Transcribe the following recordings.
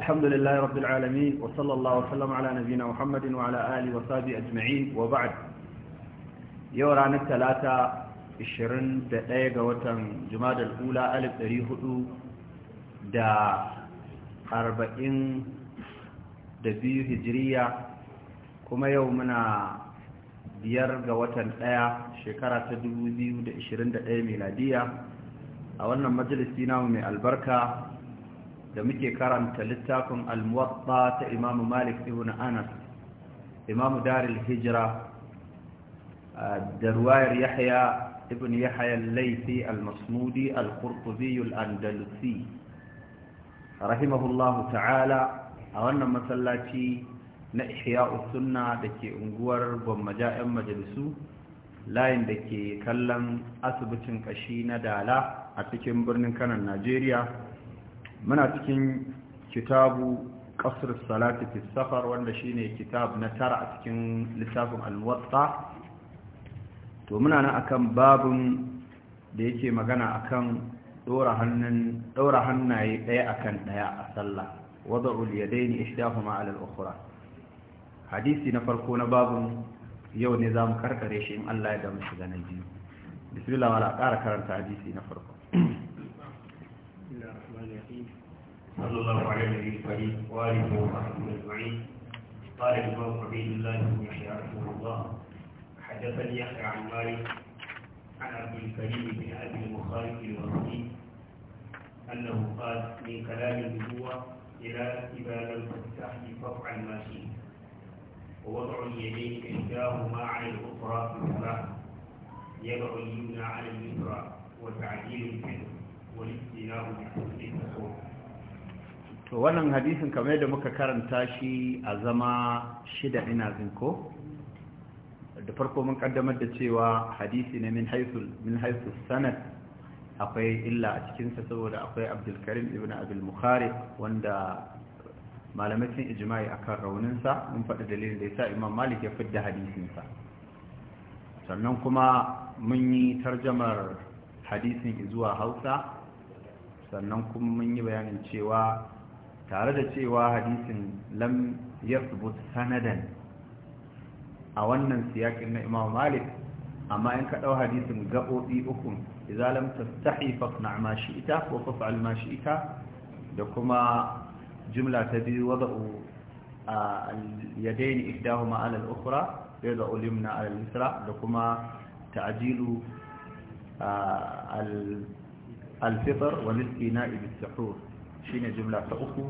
الحمد لله رب العالمين وصلى الله وسلم على نبينا محمد وعلى آله وصحبه أجمعين وبعد يورانا الثلاثة الشرن دقيقة وتن جماد الأولى ألف تريه دا أربعين دبيو هجرية كما يومنا biyar ga watan ɗaya shekara ta 2021 miladiya a wannan majalisi namu mai albarka da muke karanta littafin al-muwatta ta Imam Malik ibn Anas Imam daril hijira da ruwayar Yahya ibn Yahya laifi al-Masmudi al-Qurtubi al-Andalusi rahimahullahu ta'ala a wannan masallaci na Ihya'us Sunna dake unguwar Gwammaja 'yan majalisu layin da ke kallon asibitin kashi na Dala a cikin birnin Kanan Najeriya muna cikin kitabu qasr salati fi safar wanda shine kitab na tara a cikin littafin al-muwatta to muna nan akan babun da yake magana akan dora hannun dora hannaye daya akan daya a sallah wad'u al-yadayn ihdahuma 'ala al-ukhra hadisi na farko na babun yau ne zamu karkare shi in Allah ya da mu shiga biyu bismillah wala ƙara karanta hadisi na farko صلى الله على النبي الكريم وآله وصحبه أجمعين قال الإمام عبيد الله بن يحيى رحمه الله حدثني يحيى عن مالك عن عبد الكريم بن أبي المخالف الوصي أنه قال من كلام النبوة إلى إذا لم تفتح فافعل ما شئت ووضع اليدين إحداهما على الأخرى في الصلاة يضع اليمنى على اليسرى وتعديل الكذب والابتلاء بحسن التصور to wannan hadisin kamar da muka karanta shi a zama shida ina zin ko da farko mun kaddamar da cewa hadisi ne min haisu sanad akwai illa a cikinsa saboda akwai abdulkarim ibn abdul mukhari wanda malamai sun akan akan rauninsa mun faɗi dalilin da yasa imam malik ya fidda hadisinsa sannan kuma mun yi tarjamar hadisin zuwa hausa sannan kuma mun yi bayanin cewa tare da cewa hadisin lam yathbut sanadan a wannan siyakin na Imam Malik amma in ka hadisin gabobi uku idza lam tastahi fasna ma shi'ta ko fa'al ma shi'ta da kuma jumla ta biyu wada'u al-yadayn ihdahuma ala al ukura yada'u al-yumna na al da kuma ta'jilu al-fitr wa al-ina'i shine jumla ta uku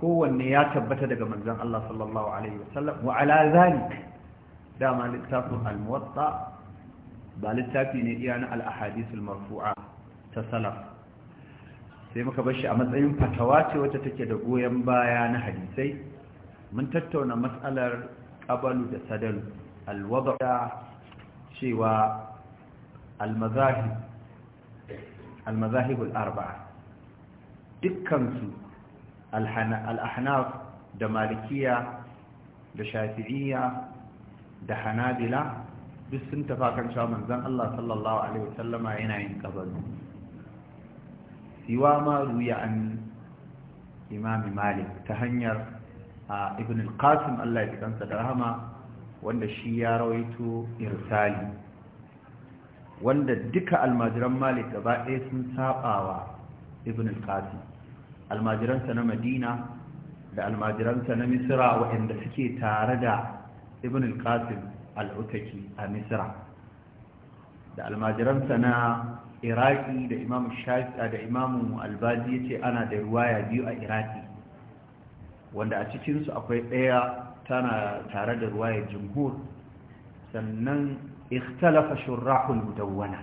kowanne ya tabbata daga manzon Allah sallallahu alaihi wasallam wa ala dama littafin al ba littafi ne iya na alahadisul marfua ta salaf sai muka bar shi a matsayin fatawa ce wacce take da goyon baya na hadisai mun tattauna matsalar ƙabalu da sadalu al cewa al arbaa dukkansu al'ahnaf da malikiya da shafi'iyya da hanabila duk sun tafakan cewa zan Allah sallallahu alaihi wasallama yana yin kabari siwa ma ruya an imami malik ta hanyar ibn al-qasim Allah ya kansa da rahama wanda shi ya rawaito irsali wanda duka almajiran malik gaba ɗaya sun sabawa ibn al-qasim almajiransa na madina da almajiransa na misira waɗanda suke tare da ibn al-qasim al-utaki a misira da almajiransa na iraki da imamu shafi'a da imamu albazi ya ce ana da ruwaya biyu a iraki wanda a cikinsu akwai ɗaya tana tare da ruwayar jumhur sannan ikhtalafa shurrahul mudawwana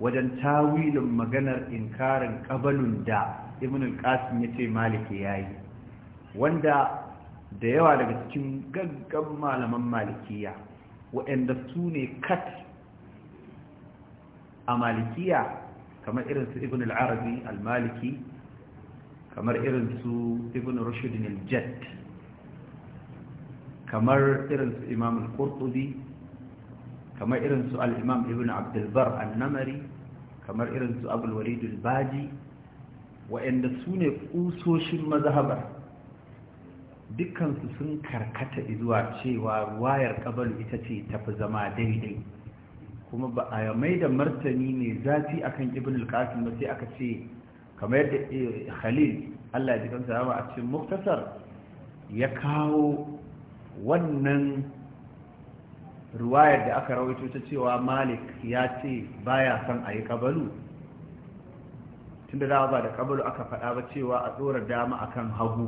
wajen tawilin maganar inkarin ƙabalun da ibn al ya ce maliki ya yi wanda da yawa daga cikin gaggan malaman malikiya waɗanda su ne kat a malikiya kamar irin su ibn al-arabi al-maliki kamar irin su ibn rushd al-jadd kamar irin su imam al kamar irin su al-imam ibn Abdulbar al namari kamar irin su abul waɗanda su ne ƙusoshin mazhabar dukansu sun karkata zuwa cewa ruwayar ƙabalu ita ce tafi zama daidai kuma ba a mai da martani ne zafi akan ibn al ba sai aka ce kamar yadda eh, khalil Allah ya ji kansa ba a cikin muktasar ya kawo wannan ruwayar da aka rawaito ta cewa malik ya ce baya son a yi kabalu tunda da ba da kabalu aka faɗa ba cewa a tsora dama akan hagu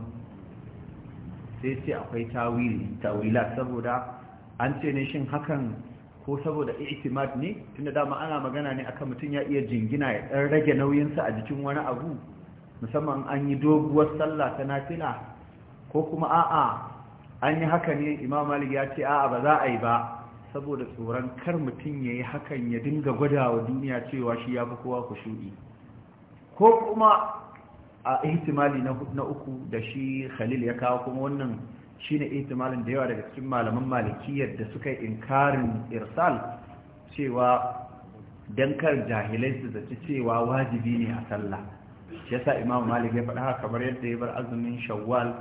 sai ce akwai tawili tawila saboda an ce ne shin hakan ko saboda i'timad ne tunda dama ana magana ne akan mutum ya iya jingina ya dan rage nauyinsa a jikin wani abu musamman an yi doguwar sallah ta nafila ko kuma a'a an yi haka ne imam malik ya ce a'a ba za a yi ba saboda tsoron kar mutum ya yi hakan ya dinga gwada wa duniya cewa shi ya fi kowa ku shuɗi ko kuma a ihtimali na uku da shi khalil ya kawo kuma wannan shine ihtimalin da yawa daga cikin malaman malikiyar da suka yi inkarin irsal cewa dan kar jahilai su zaci cewa wajibi ne a sallah shi yasa imamu malik ya faɗa haka kamar yadda ya bar azumin shawwal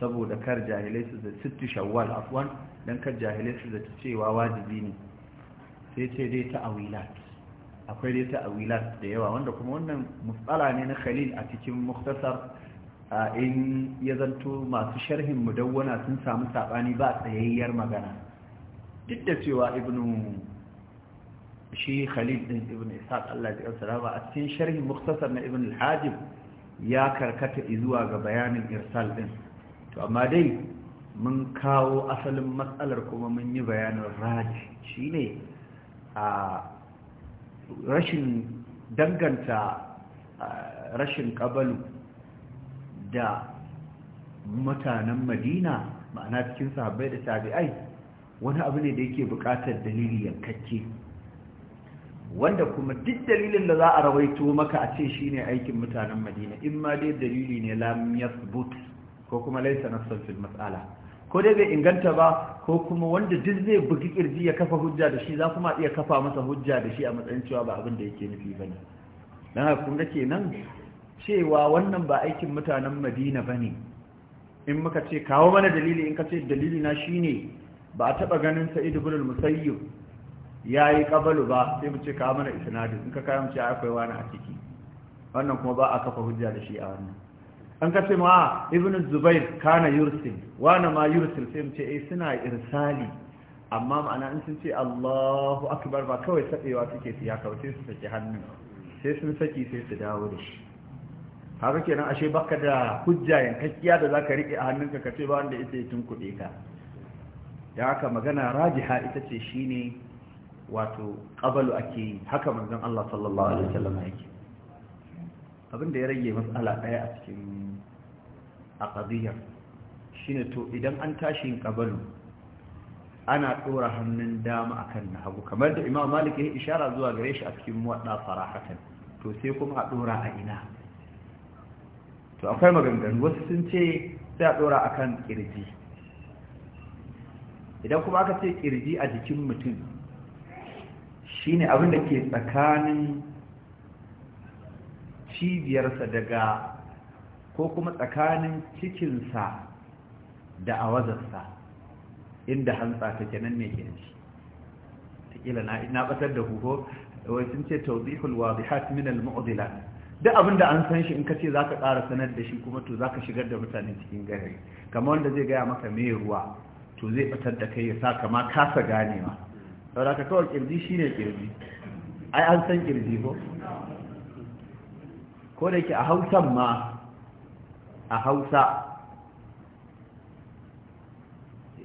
saboda kar jahilai su zaci sittu shawwal afwan dan kar jahilai su zaci cewa wajibi ne sai ce dai ta awilat akwai dai ta'awilat da yawa wanda kuma wannan mutsala ne na khalil a cikin muktasar in ya zanto masu sharhin mudawwana sun samu sabani ba tsayayyar magana duk da cewa ibnu shi khalil din ibnu ishaq Allah ya tsara ba a cikin sharhin muktasar na ibnu al-hajib ya karkata zuwa ga bayanin irsal din to amma dai mun kawo asalin matsalar kuma mun yi bayanin raji shine a rashin danganta rashin kabalu da mutanen madina ma'ana cikin sahabbai da tabi'ai wani abu ne da yake buƙatar dalili yankakke wanda kuma duk dalilin da za a rawaito maka a ce shi ne aikin mutanen madina in ma dai dalili ne lam yasbut ko kuma laisa na fil mas'ala ko dai bai inganta ba ko kuma wanda duk zai bugi kirji ya kafa hujja da shi za kuma iya kafa masa hujja da shi a matsayin cewa ba abin da yake nufi ba ne. dan haka kun ga kenan cewa wannan ba aikin mutanen Madina ba ne, in muka ce kawo mana dalili in ka ce dalili na shine ba a taba ganin Sa'id ibn al-Musayyib yayi kabalu ba sai mu ce kawo mana isnadin in ka kawo mu ce akwai wani a ciki wannan kuma ba a kafa hujja da shi a wannan an kace ma ah, ibn zubair kana yursil wana ma yursil sai mu ce eh suna irsali amma ma'ana in sun ce Allahu akbar ba kawai sabewa suke su ya kauce su saki hannun sai sun saki sai su dawo da shi haka kenan ashe baka da hujja yankakkiya da zaka rike a hannunka kace ba wanda yake tun kuɗe ka da haka magana rajiha ita ce shine wato qabalu ake haka manzon Allah sallallahu alaihi wasallam yake abin ya rage matsala daya a cikin a ƙaziyar shi to idan an tashi yin ƙabalu ana ɗora hannun dama a kan na hagu kamar da imam malik ya ishara zuwa gare shi a cikin waɗa farahatan to sai kuma a ɗora a ina to akwai maganganu wasu sun ce sai a ɗora a kan ƙirji idan kuma aka ce ƙirji a jikin mutum shi ne abin da ke tsakanin cibiyarsa daga ko kuma tsakanin cikinsa da awazarsa inda hantsa take nan ne ke shi takila na batar da huho wai sun ce tawdihul wadihat min al mu'dila duk abinda an san shi in kace zaka ƙara sanar da shi kuma to zaka shigar da mutane cikin gari kamar wanda zai gaya maka me ruwa to zai batar da kai ya sa kama kasa ganewa saboda ka kawai kirji shine kirji ai an san kirji ko ko da yake a hausan ma a hausa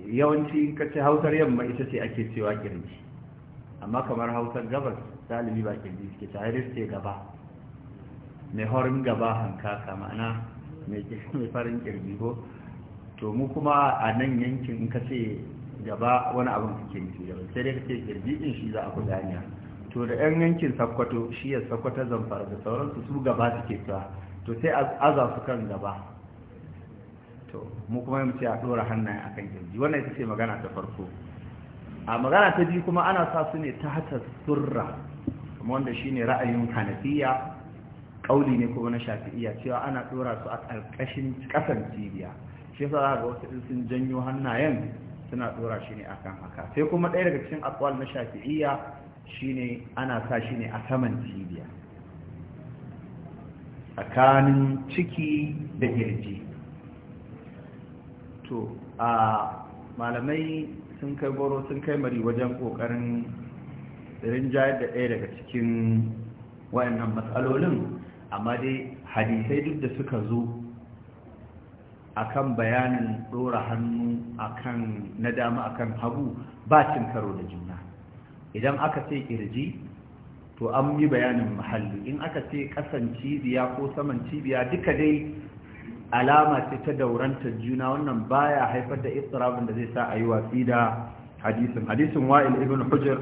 yawanci kace hausar yamma ita ce ake cewa kirji amma kamar hausar gabas galibi ba kirji suke tare ce gaba mai horin gaba hankaka ma'ana mai farin kirji ko to mu kuma a nan yankin in kace gaba wani abin suke nufi gaba sai dai kace kirji din shi za a kula ne to da yan yankin sakkwato shi ya sakkwata zamfara da sauransu su gaba suke ta to sai aza su kan gaba to mu kuma mu ce a dora hannaye a kan kirji wannan ita ce magana ta farko a magana ta biyu kuma ana sa su ne ta hata surra kuma wanda shine ra'ayin hanafiya kauli ne kuma na shafi'iya cewa ana dora su a ƙarƙashin ƙasan cibiya shi yasa ga wasu sun janyo hannayen suna dora shi ne akan haka sai kuma ɗaya daga cikin akwal na shafi'iya shine ana sa shi ne a saman cibiya tsakanin ciki da girji to a malamai sun kai goro sun kai mari wajen kokarin rinjayar da ɗaya daga cikin wayannan matsalolin amma dai hadisai duk da suka zo akan bayanin ɗora hannu akan na dama akan hagu ba cin karo da juna idan aka ce kirji to an yi bayanin muhalli in aka ce kasan cibiya ko saman cibiya duka dai alama ce ta daurantar juna wannan baya haifar da istirabin da zai sa a yi watsi da hadisin hadisin wa'il ibn hujjar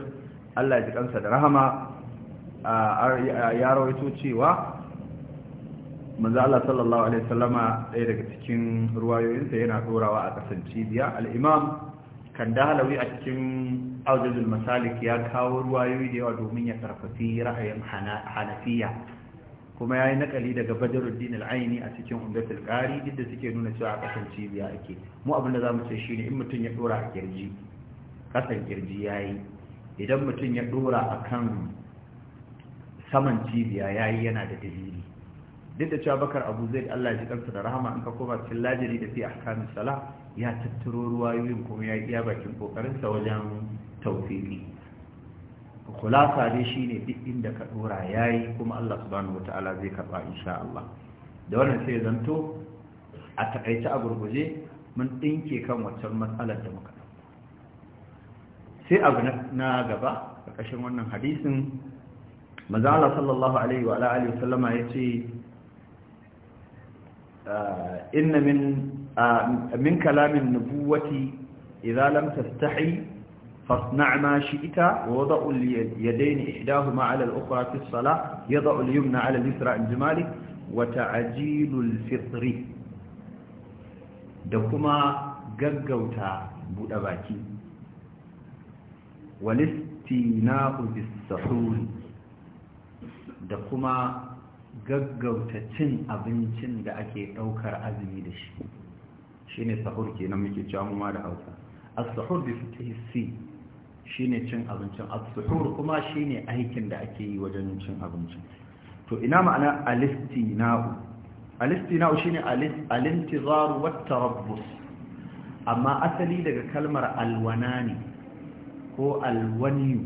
Allah ya ji kansa da rahama ya rawaito cewa manzo Allah sallallahu alaihi wasallama ɗaya daga cikin ruwayoyinsa yana dorawa a kasan cibiya al-imam kandahalawi a cikin aujajul masalik ya kawo ruwayoyi da yawa domin ya karfafi ra'ayin hanafiya kuma ya yi nakali daga badaruddin al'aini a cikin umdatul qari duk da suke nuna cewa a ƙasar cibiya ake mu abinda da za mu ce shine in mutum ya dora a kirji kasan kirji ya yi idan mutum ya dora a kan saman cibiya ya yi yana da dalili duk da cewa bakar abu zai allah ji kansa da rahama an ka koma cikin lajiri da fi ahkamin sala ya tattaro ruwayoyin kuma ya yi iya bakin kokarinsa wajen tawfiqi kulasa dai shine duk inda ka dora yayi kuma Allah subhanahu wataala zai karba insha Allah da wannan sai zanto a takaice a gurguje mun dinke kan waccan matsalar da muka dauka sai abu na gaba a ƙarshen wannan hadisin manzo Allah sallallahu alaihi wa alihi wasallama yace ah, inna min ah, min kalamin nubuwati idza lam tastahi فاصنع ما شئت ووضع اليدين إحداهما على الأخرى في الصلاة يضع اليمنى على اليسرى عند مالك وتعجيل الفطر دكما ققوتا بودباكي والاستيناء بالسحور دكما ققوتا تن أبنتن دأكي أوكر أزمي دشي شيني السحور كي نميكي جامو مالا أوسا السحور بفتح السين shine cin abincin as-suhur kuma shine aikin da ake yi wajen cin abincin to ina ma'ana alistina'u alistina'u shine al-intizar wa tarabbus amma asali daga kalmar alwanani ko alwaniyu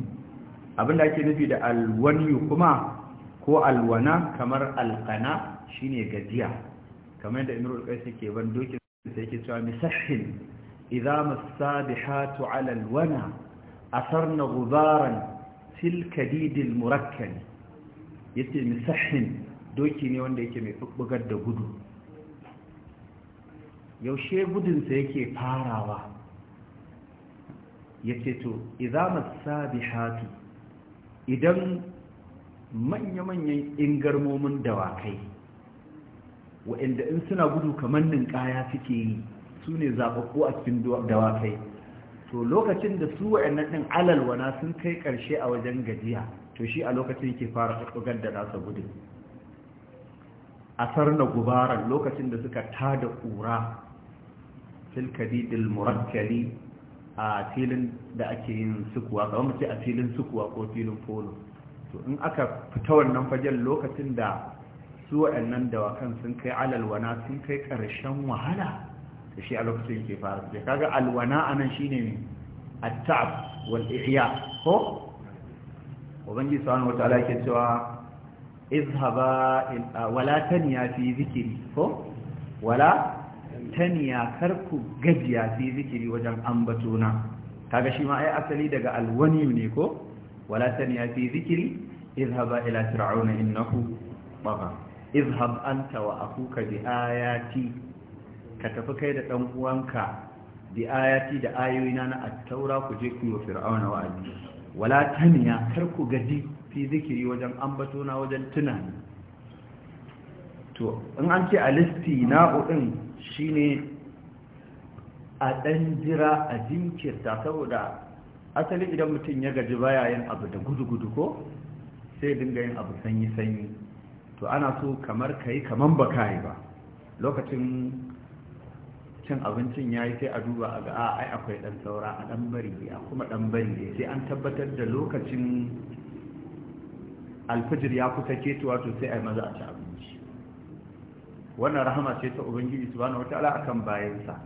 abinda ake nufi da alwanyu kuma ko alwana kamar alqana shine gajiya kamar yadda imrul qais yake ban dokin sai yake cewa misahin idza masabihatu ala alwana أثرن غبارا في الكديد المركب يتي مسحن doki ne wanda yake mai bubbugar da gudu yaushe gudunsa yake farawa ya ce to izamat sabihatu idan manya-manyan ingarmomin dawakai wa'inda in suna gudu kamar ninƙaya suke yi sune ne zaɓaɓɓu a cikin dawakai to lokacin da su wa'annan din alal wana sun kai ƙarshe a wajen gajiya to shi a lokacin yake fara tsugar da nasa gudu asar na gubaran lokacin da suka tada ƙura kura filkadidil murakkali a filin da ake yin sukuwa mu ce a filin sukuwa ko filin polo to in aka fita wannan fajen lokacin da su waɗannan dawakan sun kai alalwana sun kai ƙarshen wahala da shi a lokacin ke fara da kaga alwana anan shine at-ta'ab wal ihya ko ubangi subhanahu wataala yake cewa izhaba wala taniya fi zikri ko wala taniya karku gajiya fi zikri wajen ambatona kaga shi ma ai asali daga alwani ne ko wala taniya fi zikri izhaba ila fir'auna innahu tagha izhab anta wa akuka bi ayati ka tafi kai da ɗan uwanka da ayati da ayoyina na attaura ku je ku yi wa fir'auna wa'azi wala taniya kar ku gaji fi zikiri wajen ambato na wajen tunani to in an ce alisti na uɗin shine a ɗan jira a jinkirta saboda asali idan mutum ya gaji baya yin abu da gudu-gudu ko sai dinga yin abu sanyi-sanyi to ana so kamar ka yi kamar ba ka yi ba lokacin cin abincin ya yi sai a duba a ga ah, ai akwai ɗan saura a ɗan bari a kuma ɗan bari sai an tabbatar da lokacin alfijir ya kusa ketuwa to sai a yi maza a ci abinci wannan rahama ce ta ubangiji su wata wataala akan bayansa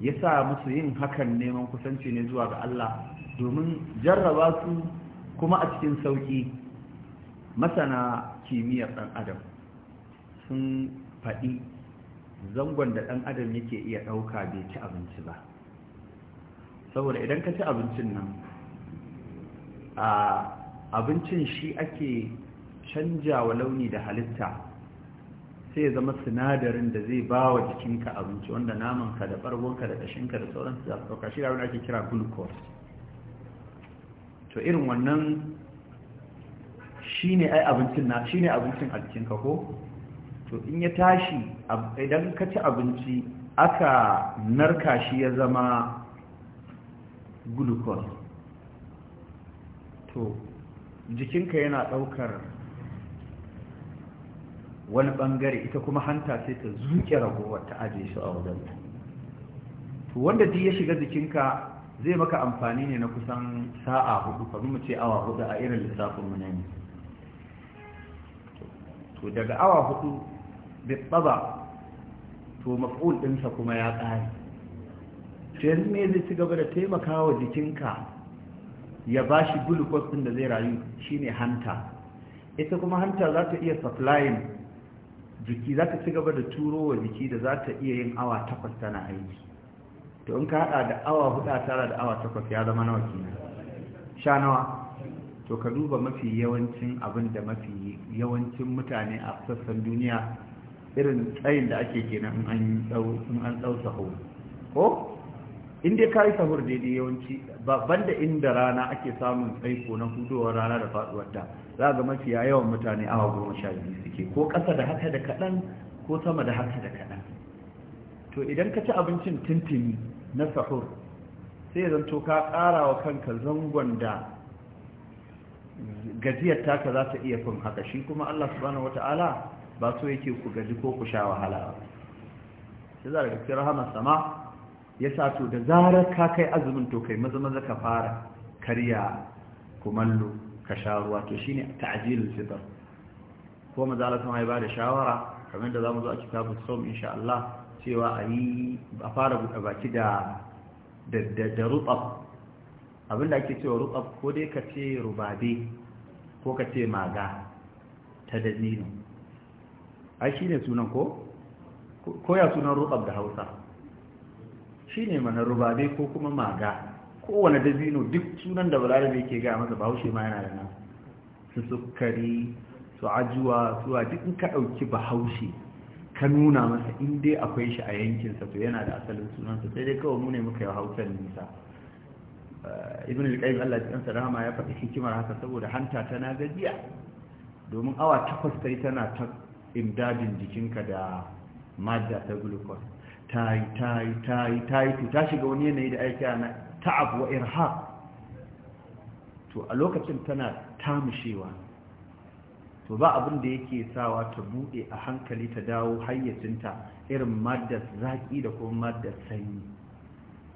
ya sa musu yin hakan neman kusanci ne zuwa ga Allah domin jarraba su kuma a cikin sauki masana kimiyyar ɗan adam sun faɗi zangon da ɗan adam yake iya ɗauka bai ci abinci ba saboda idan ka ci abincin nan a abincin shi ake canjawa launi da halitta sai ya zama sinadarin da zai ba wa jikinka abinci wanda namanka da ɓargonka da ƙashinka da sauransu za su ɗauka shi da ake kira glucose to irin wannan shi ne shi ne abincin a jikinka ko to in ya tashi idan ka ci abinci aka narka shi ya zama glucose to jikinka yana ɗaukar wani ɓangare ita kuma hanta sai ta zuke ragowar ta aje shi a wajen to wanda duk ya shiga jikinka zai maka amfani ne na kusan sa'a hudu kamar mu ce awa hudu a irin lissafin mu ne to daga awa hudu bittaba to maf'ul ɗinsa kuma ya ƙare to yanzu me zai ci gaba da taimakawa jikinka ya ba shi glucose ɗin da zai rayu shine hanta ita kuma hanta za ta iya supplying jiki za ta ci gaba da turo wa jiki da za ta iya yin awa takwas tana aiki to in ka haɗa da awa hudu tara da awa takwas ya zama nawa kenan sha nawa to ka duba mafi yawancin abin da mafi yawancin mutane a sassan duniya irin tsayin da ake kenan in an ɗau sahur ko inda ka yi sahur daidai yawanci babban da inda rana ake samun tsaiko na hudowar rana da faɗuwar ta za ga mafiya yawan mutane awa goma sha biyu suke ko ƙasa da haka da kaɗan ko sama da haka da kaɗan to idan ka ci abincin tintini na sahur sai zanto ka ƙara wa kanka zangon da gajiyar taka za ta iya fin haka shi kuma Allah subhanahu wata'ala ba so yake ku gaji ko ku sha wahala ba shi za daga kira rahama sama ya sa to da zarar ka kai azumin to kai maza maza ka fara karya kumallo ka sha ruwa to shine ta'jilul fitr ko maza Allah sun ba da shawara kamar da zamu zo a kitabu sawm insha Allah cewa a yi a fara buɗe baki da da abin da ake cewa rubab ko dai ka ce rubabe ko ka ce maga ta dalilin ai shi ne sunan ko koya sunan rutsab da hausa shi ne mana rubabe ko kuma maga kowane dabino duk sunan da balarabe ke ga masa bahaushe ma yana da nan su sukari su ajuwa su duk in ka ɗauki bahaushe ka nuna masa in dai akwai shi a yankinsa to yana da asalin sunansa sai dai kawai mu ne muka yi hausar nisa eh, ibn al-qayyim Allah ya tsara rahama ya faɗi hikimar haka saboda hanta tana gajiya domin awa takwas sai tana ta imdadin jikinka da madda ta glucose ta yi ta yi ta yi ta yi ta shiga wani yanayi da aiki na ta'ab wa irhaq to a lokacin tana tamushewa to ba abin da yake sawa ta bude a hankali ta dawo hayyacinta irin madda zaƙi da kuma madda sanyi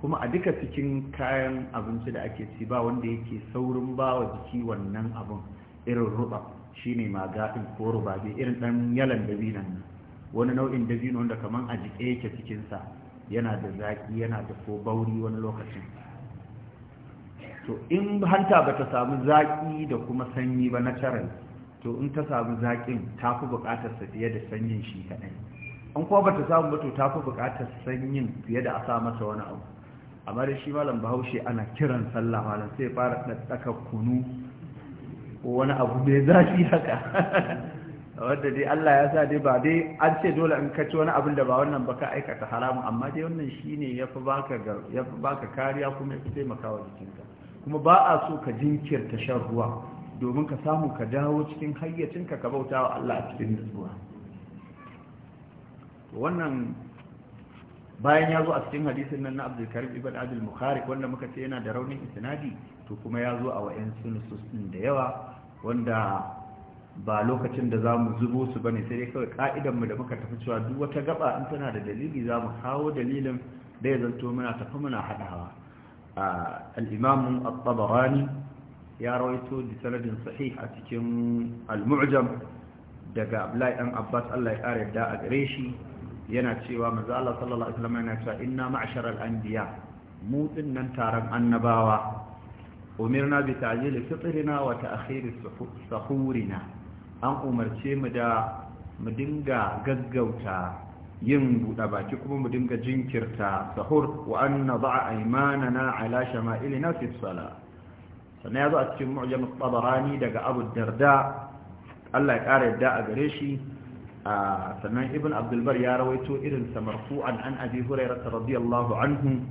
kuma a duka cikin kayan abinci da ake ci ba wanda yake saurin ba wa jiki wannan abin irin ruba shine magaɗin ko rubabe irin ɗan yalan dabinan nan wani nau'in dabino wanda kamar a jiƙe yake cikinsa yana da zaƙi yana da ko bauri wani lokacin to in hanta ba ta samu zaƙi da kuma sanyi ba na caral to in ta samu zaƙin ta fi buƙatar sa fiye da sanyin shi kaɗai an kuma ba ta samu ba to ta fi buƙatar sanyin fiye da a sa masa wani abu amma da shi malam bahaushe ana kiran sallah malam sai fara ɗaɗɗaka kunu wani abu mai zafi haka wadda dai Allah ya sa dai ba dai an ce dole in kaci wani abin da ba wannan ba ka aikata haramun amma dai wannan shine yafi baka yafi baka kariya kuma ya fi taimakawa jikinka kuma ba a so ka jinkirta shan ruwa domin ka samu ka dawo cikin hayyacinka ka bauta wa Allah a cikin nutsuwa wannan bayan ya zo a cikin hadisin nan na abdulkarim ibn abdul mukhari wanda muka ce yana da raunin isnadi to kuma ya zo a wa'in sunusus din da yawa wanda ba lokacin da za mu zubo su bane sai dai kawai ka'idanmu da muka tafi cewa duk wata gaba in tana da dalili za mu kawo dalilin da ya zanto muna tafi muna haɗawa al'imamun al-tabarani ya rawaito da sanadin sahih a cikin al-mu'jam daga abdullahi dan abbas allah ya ƙara yadda a gare shi yana cewa manzo allah sallallahu alaihi wasallam yana cewa inna ma'shar al-anbiya mu din nan taron annabawa umirna bi ta'jil fitrina wa ta'khir sahurina an umarce mu da mu dinga gaggauta yin buɗa baki kuma mu dinga jinkirta sahur wa an nada'a aymanana ala shama'ilina fi salat sannan a cikin mu'jam tabarani daga abu darda Allah ya kara yadda a gare shi sannan ibn abdulbar ya rawaito irin sa an an abi hurairah radiyallahu anhu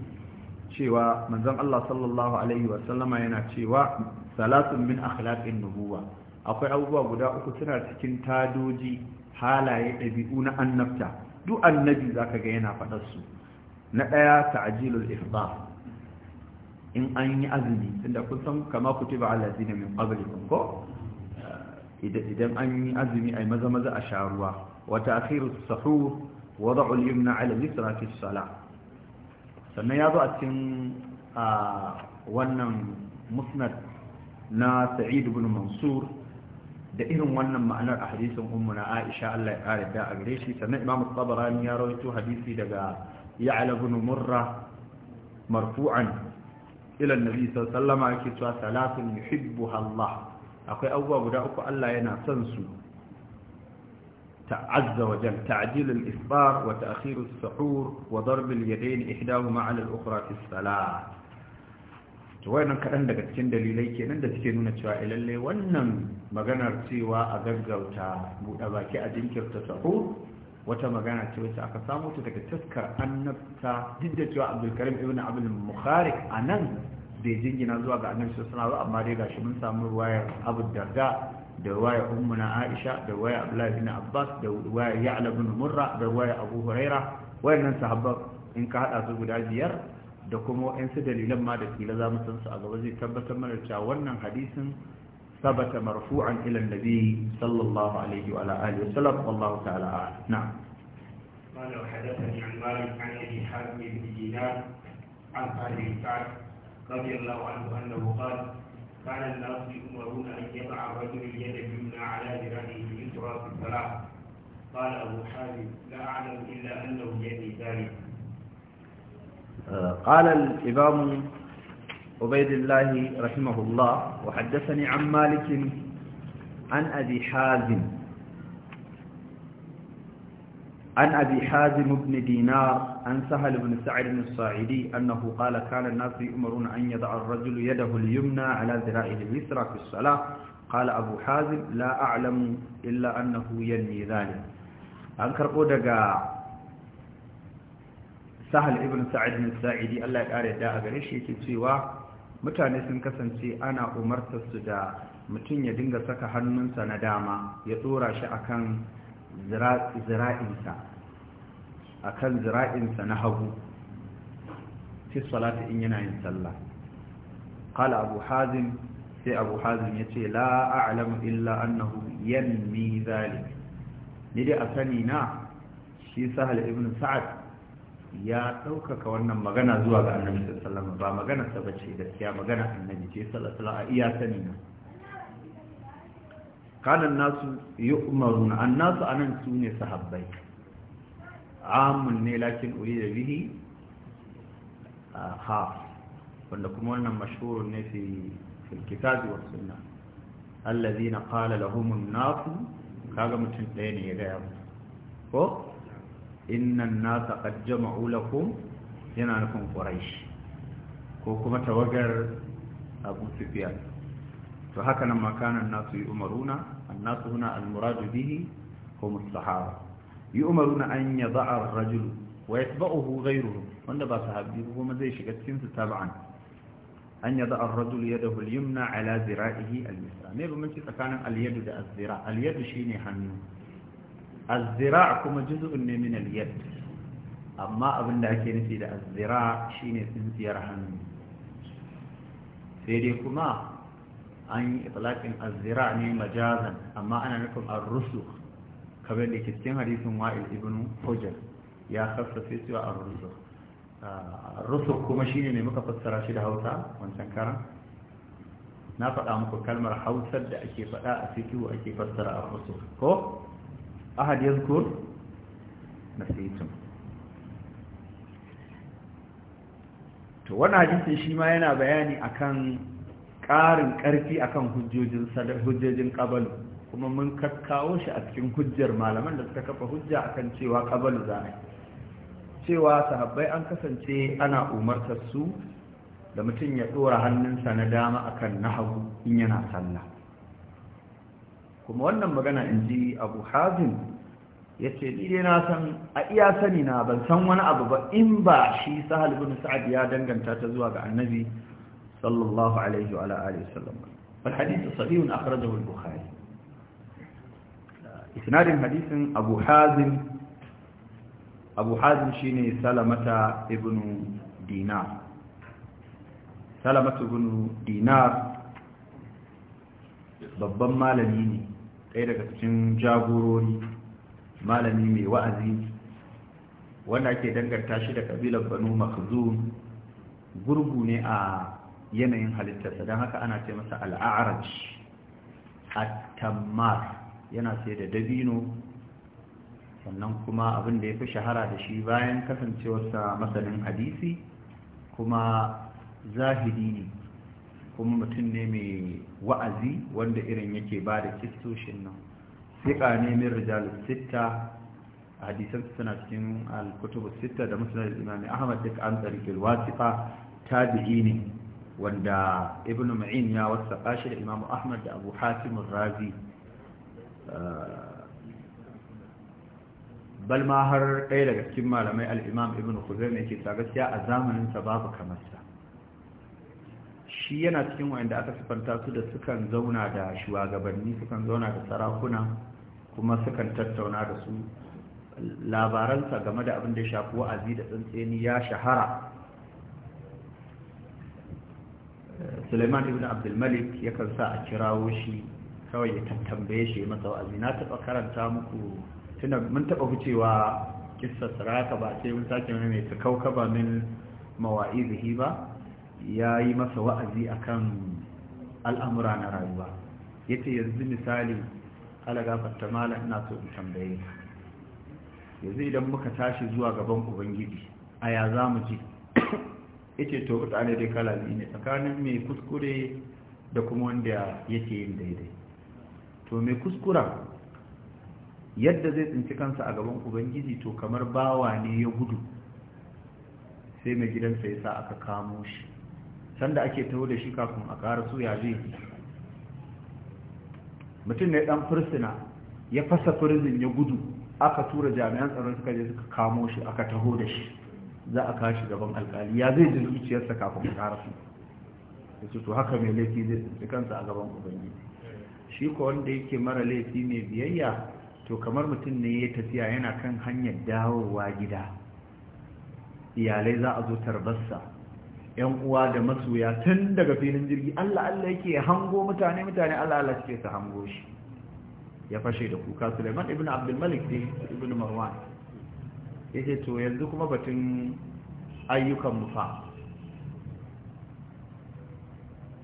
cewa manzon Allah sallallahu alaihi yana cewa salatun min akhlaqin nubuwa akwai abubuwa guda uku suna cikin tadoji halaye ɗabi'u na annabta duk annabi zaka ga yana faɗar su na ɗaya ta'jilul ifdar in an yi azumi tunda kun san kama kutiba ala zina min qablikum ko idan an yi azumi ai maza maza a sha ruwa wa ta'khirus sahur wada'u yumna ala yusra fi sannan ya zo a cikin wannan musnad na sa'id ibn mansur da irin wannan ma'anar a hadisin ummu na aisha Allah ya kare da a gare shi sannan imamu tabarani ya rawaito hadisi daga ya'la ibn murra marfu'an ila annabi sallallahu alaihi wasallam yake cewa salatun yuhibbuha Allah akwai abubuwa guda uku Allah yana son su عز وجل تعجيل الإفطار وتأخير sa'ur وضرب اليدين إحداهما على الأخرى في الصلاة wannan kaɗan daga cikin dalilai kenan da suke nuna cewa eh, lalle wannan maganar cewa a gaggauta buɗe baki a jinkirta sahur wata magana ce wacce aka samu ta daga taskar annabta duk da abdulkarim ibnu abul mukharik a nan bai jingina zuwa ga annabi sallallahu alaihi amma dai gashi mun samu ruwayar abu darda da ruwaya ummuna aisha da ruwaya abdullahi bin abbas da ruwaya ya'la bin murra da ruwaya abu huraira wayannan sahabban in ka hada su guda biyar da kuma wayansu dalilan ma da kila za mu san su a gaba zai tabbatar mana cewa wannan hadisin sabata marfu'an ila nabi sallallahu alaihi wa alihi wasallam wallahu ta'ala na'am قال وحدثني عن مالك عن ابي حازم بن دينار عن ابي سعد رضي الله عنه انه قال كان الناس يؤمرون أن يضع الرجل اليد اليمنى على ذراعه اليسرى في الصلاة قال أبو حازم لا أعلم إلا أنه يدي ذلك آه، قال الإمام عبيد الله رحمه الله وحدثني عن مالك عن أبي حازم عن أبي حازم بن دينار عن سهل بن سعد الصاعدي أنه قال كان الناس يؤمرون أن يضع الرجل يده اليمنى على ذراعه اليسرى في الصلاة قال أبو حازم لا أعلم إلا أنه ينمي ذلك أنكر قدقى sahal ibn sa'id bin sa'idi Allah ya kare da a gare shi yake cewa mutane sun kasance ana umartar su da mutum ya dinga saka hannunsa na dama ya dora shi akan zira'insa akan zira'insa na hagu fi salati in yana yin sallah qala abu hazim sai abu hazim yace la a'lamu illa annahu yanmi zalik ni dai a sani na shi sahal ibn sa'ad ya ɗaukaka wannan magana zuwa ga annabi sallallahu ba magana ta bace gaskiya magana annabi ce sallallahu a iya sani na nasu yu'maruna annasu anan sune sahabbai amun ne lakin uri da bihi khas wanda kuma wannan mashhurun ne fi fil kitabi suna. sunna alladhina qala lahum nasu kaga mutum ɗaya ne ya gaya yau ko inna an-nas qad yana nufin ƙwarai. ko kuma tawagar abu sufyan to haka nan makanan nasu yi umaruna annasu huna almuradu bihi ko as يؤمرون أن يضع الرجل ويتبعه غيره وانا با صحابي هو ما زي شكت كنت تابعا أن يضع الرجل يده اليمنى على ذرائه اليسرى نيبا من شيء تكان اليد ده الذراع اليد شيني حنيو الذراع كما جزء من اليد أما أبن داكي نسي ده الذراع شيني سنسير حنيو سيديكما أن إطلاق الذراع نيم مجازا أما أنا لكم الرسخ kamar da ke cikin hadisin wa'il ibn hujjar ya sassafe cewa a rusuk rusuk kuma shine ne muka fassara shi da hausa wancan karan na faɗa muku kalmar hausar da ake faɗa a fikihu ake fassara a rusuk ko ahad yazkur nasitun to wannan hadisin shi ma yana bayani akan ƙarin ƙarfi akan hujjojin hujjojin ƙabalu kuma mun kakkawo shi a cikin hujjar malaman da suka kafa hujja akan cewa kabalu zanai cewa sahabbai an kasance ana umartar su da mutum ya dora hannunsa na dama akan nahawu in yana sallah kuma wannan magana in ji abu hazin ya ce ni dai na san a iya sani na ban san wani abu ba in ba shi sahal bin sa'ad ya danganta ta zuwa ga annabi sallallahu alaihi wa alihi wasallam wal hadith sahih akhrajahu al-bukhari isnadin hadisin abu hazin abu hazin shine salamata ibn dinar salamata ibn dinar babban malami ne ɗaya daga cikin jagorori malami mai wa'azi wanda ake danganta shi da kabilar banu makhzum gurgu ne a yanayin halittarsa don haka ana ce masa al'arash at-tammar yana sai da dabino sannan kuma abin da ya fi shahara da shi bayan kasancewarsa masanin hadisi kuma zahidi ne kuma mutum ne mai wa'azi wanda irin yake ba da kistoshin nan siƙa ne min rijalus sitta hadisan suna cikin alkutubu sitta da musulun imami ahmad duk an tsarki wasifa tabi'i ne wanda ibn ma'in ya wasa shi da imamu ahmad da abu hatim razi Eh, bal ma har ɗaya daga cikin malamai al'imam ibn Khuzaim yake ta gaskiya a zamaninsa babu kamarsa shi yana cikin wanda aka sifanta su da sukan zauna da shugabanni sukan zauna da sarakuna kuma sukan tattauna da su labaransa game da abin da ya shafi wa'azi da tsantseni ya shahara eh, suleiman ibn abdulmalik yakan sa a kirawo shi kawai ya tambaye shi masa wa'azi na taɓa karanta muku tuna mun taɓa wucewa kissa saraka ba sai mun sake mai ta ba min mawa'izihi ba ya yi masa wa'azi akan al'amura na rayuwa ya ce yanzu misali halaga fatta mala ina so in tambaye yanzu idan muka tashi zuwa gaban ubangiji a ya za mu ji Ya ce to mutane dai kala ne tsakanin mai kuskure da kuma wanda yake yin daidai to mai kuskura yadda zai tsinci kansa a gaban ubangiji to kamar bawa ne ya gudu sai mai gidansa ya sa aka kamo shi sanda ake taho da shi kafin a ƙara su ya zai mutum ne ɗan fursuna ya fasa firzin ya gudu aka tura jami'an tsaron suka je suka kamo shi aka taho da shi za a kashi gaban alkali ya zai ji zuciyarsa kafin a ƙara su ya ce to haka mai laifi zai tsinci kansa a gaban ubangiji shi ko wanda yake mara laifi mai biyayya to kamar mutum ne ya tafiya yana kan hanyar dawowa gida iyalai za a zo tarbarsa yan uwa da masoya tun daga filin jirgi Allah Allah yake hango mutane mutane Allah Allah suke su hango shi ya fashe da kuka Suleiman ibn Abdul Malik ibn Marwan yake to yanzu kuma batun ayyukan mu fa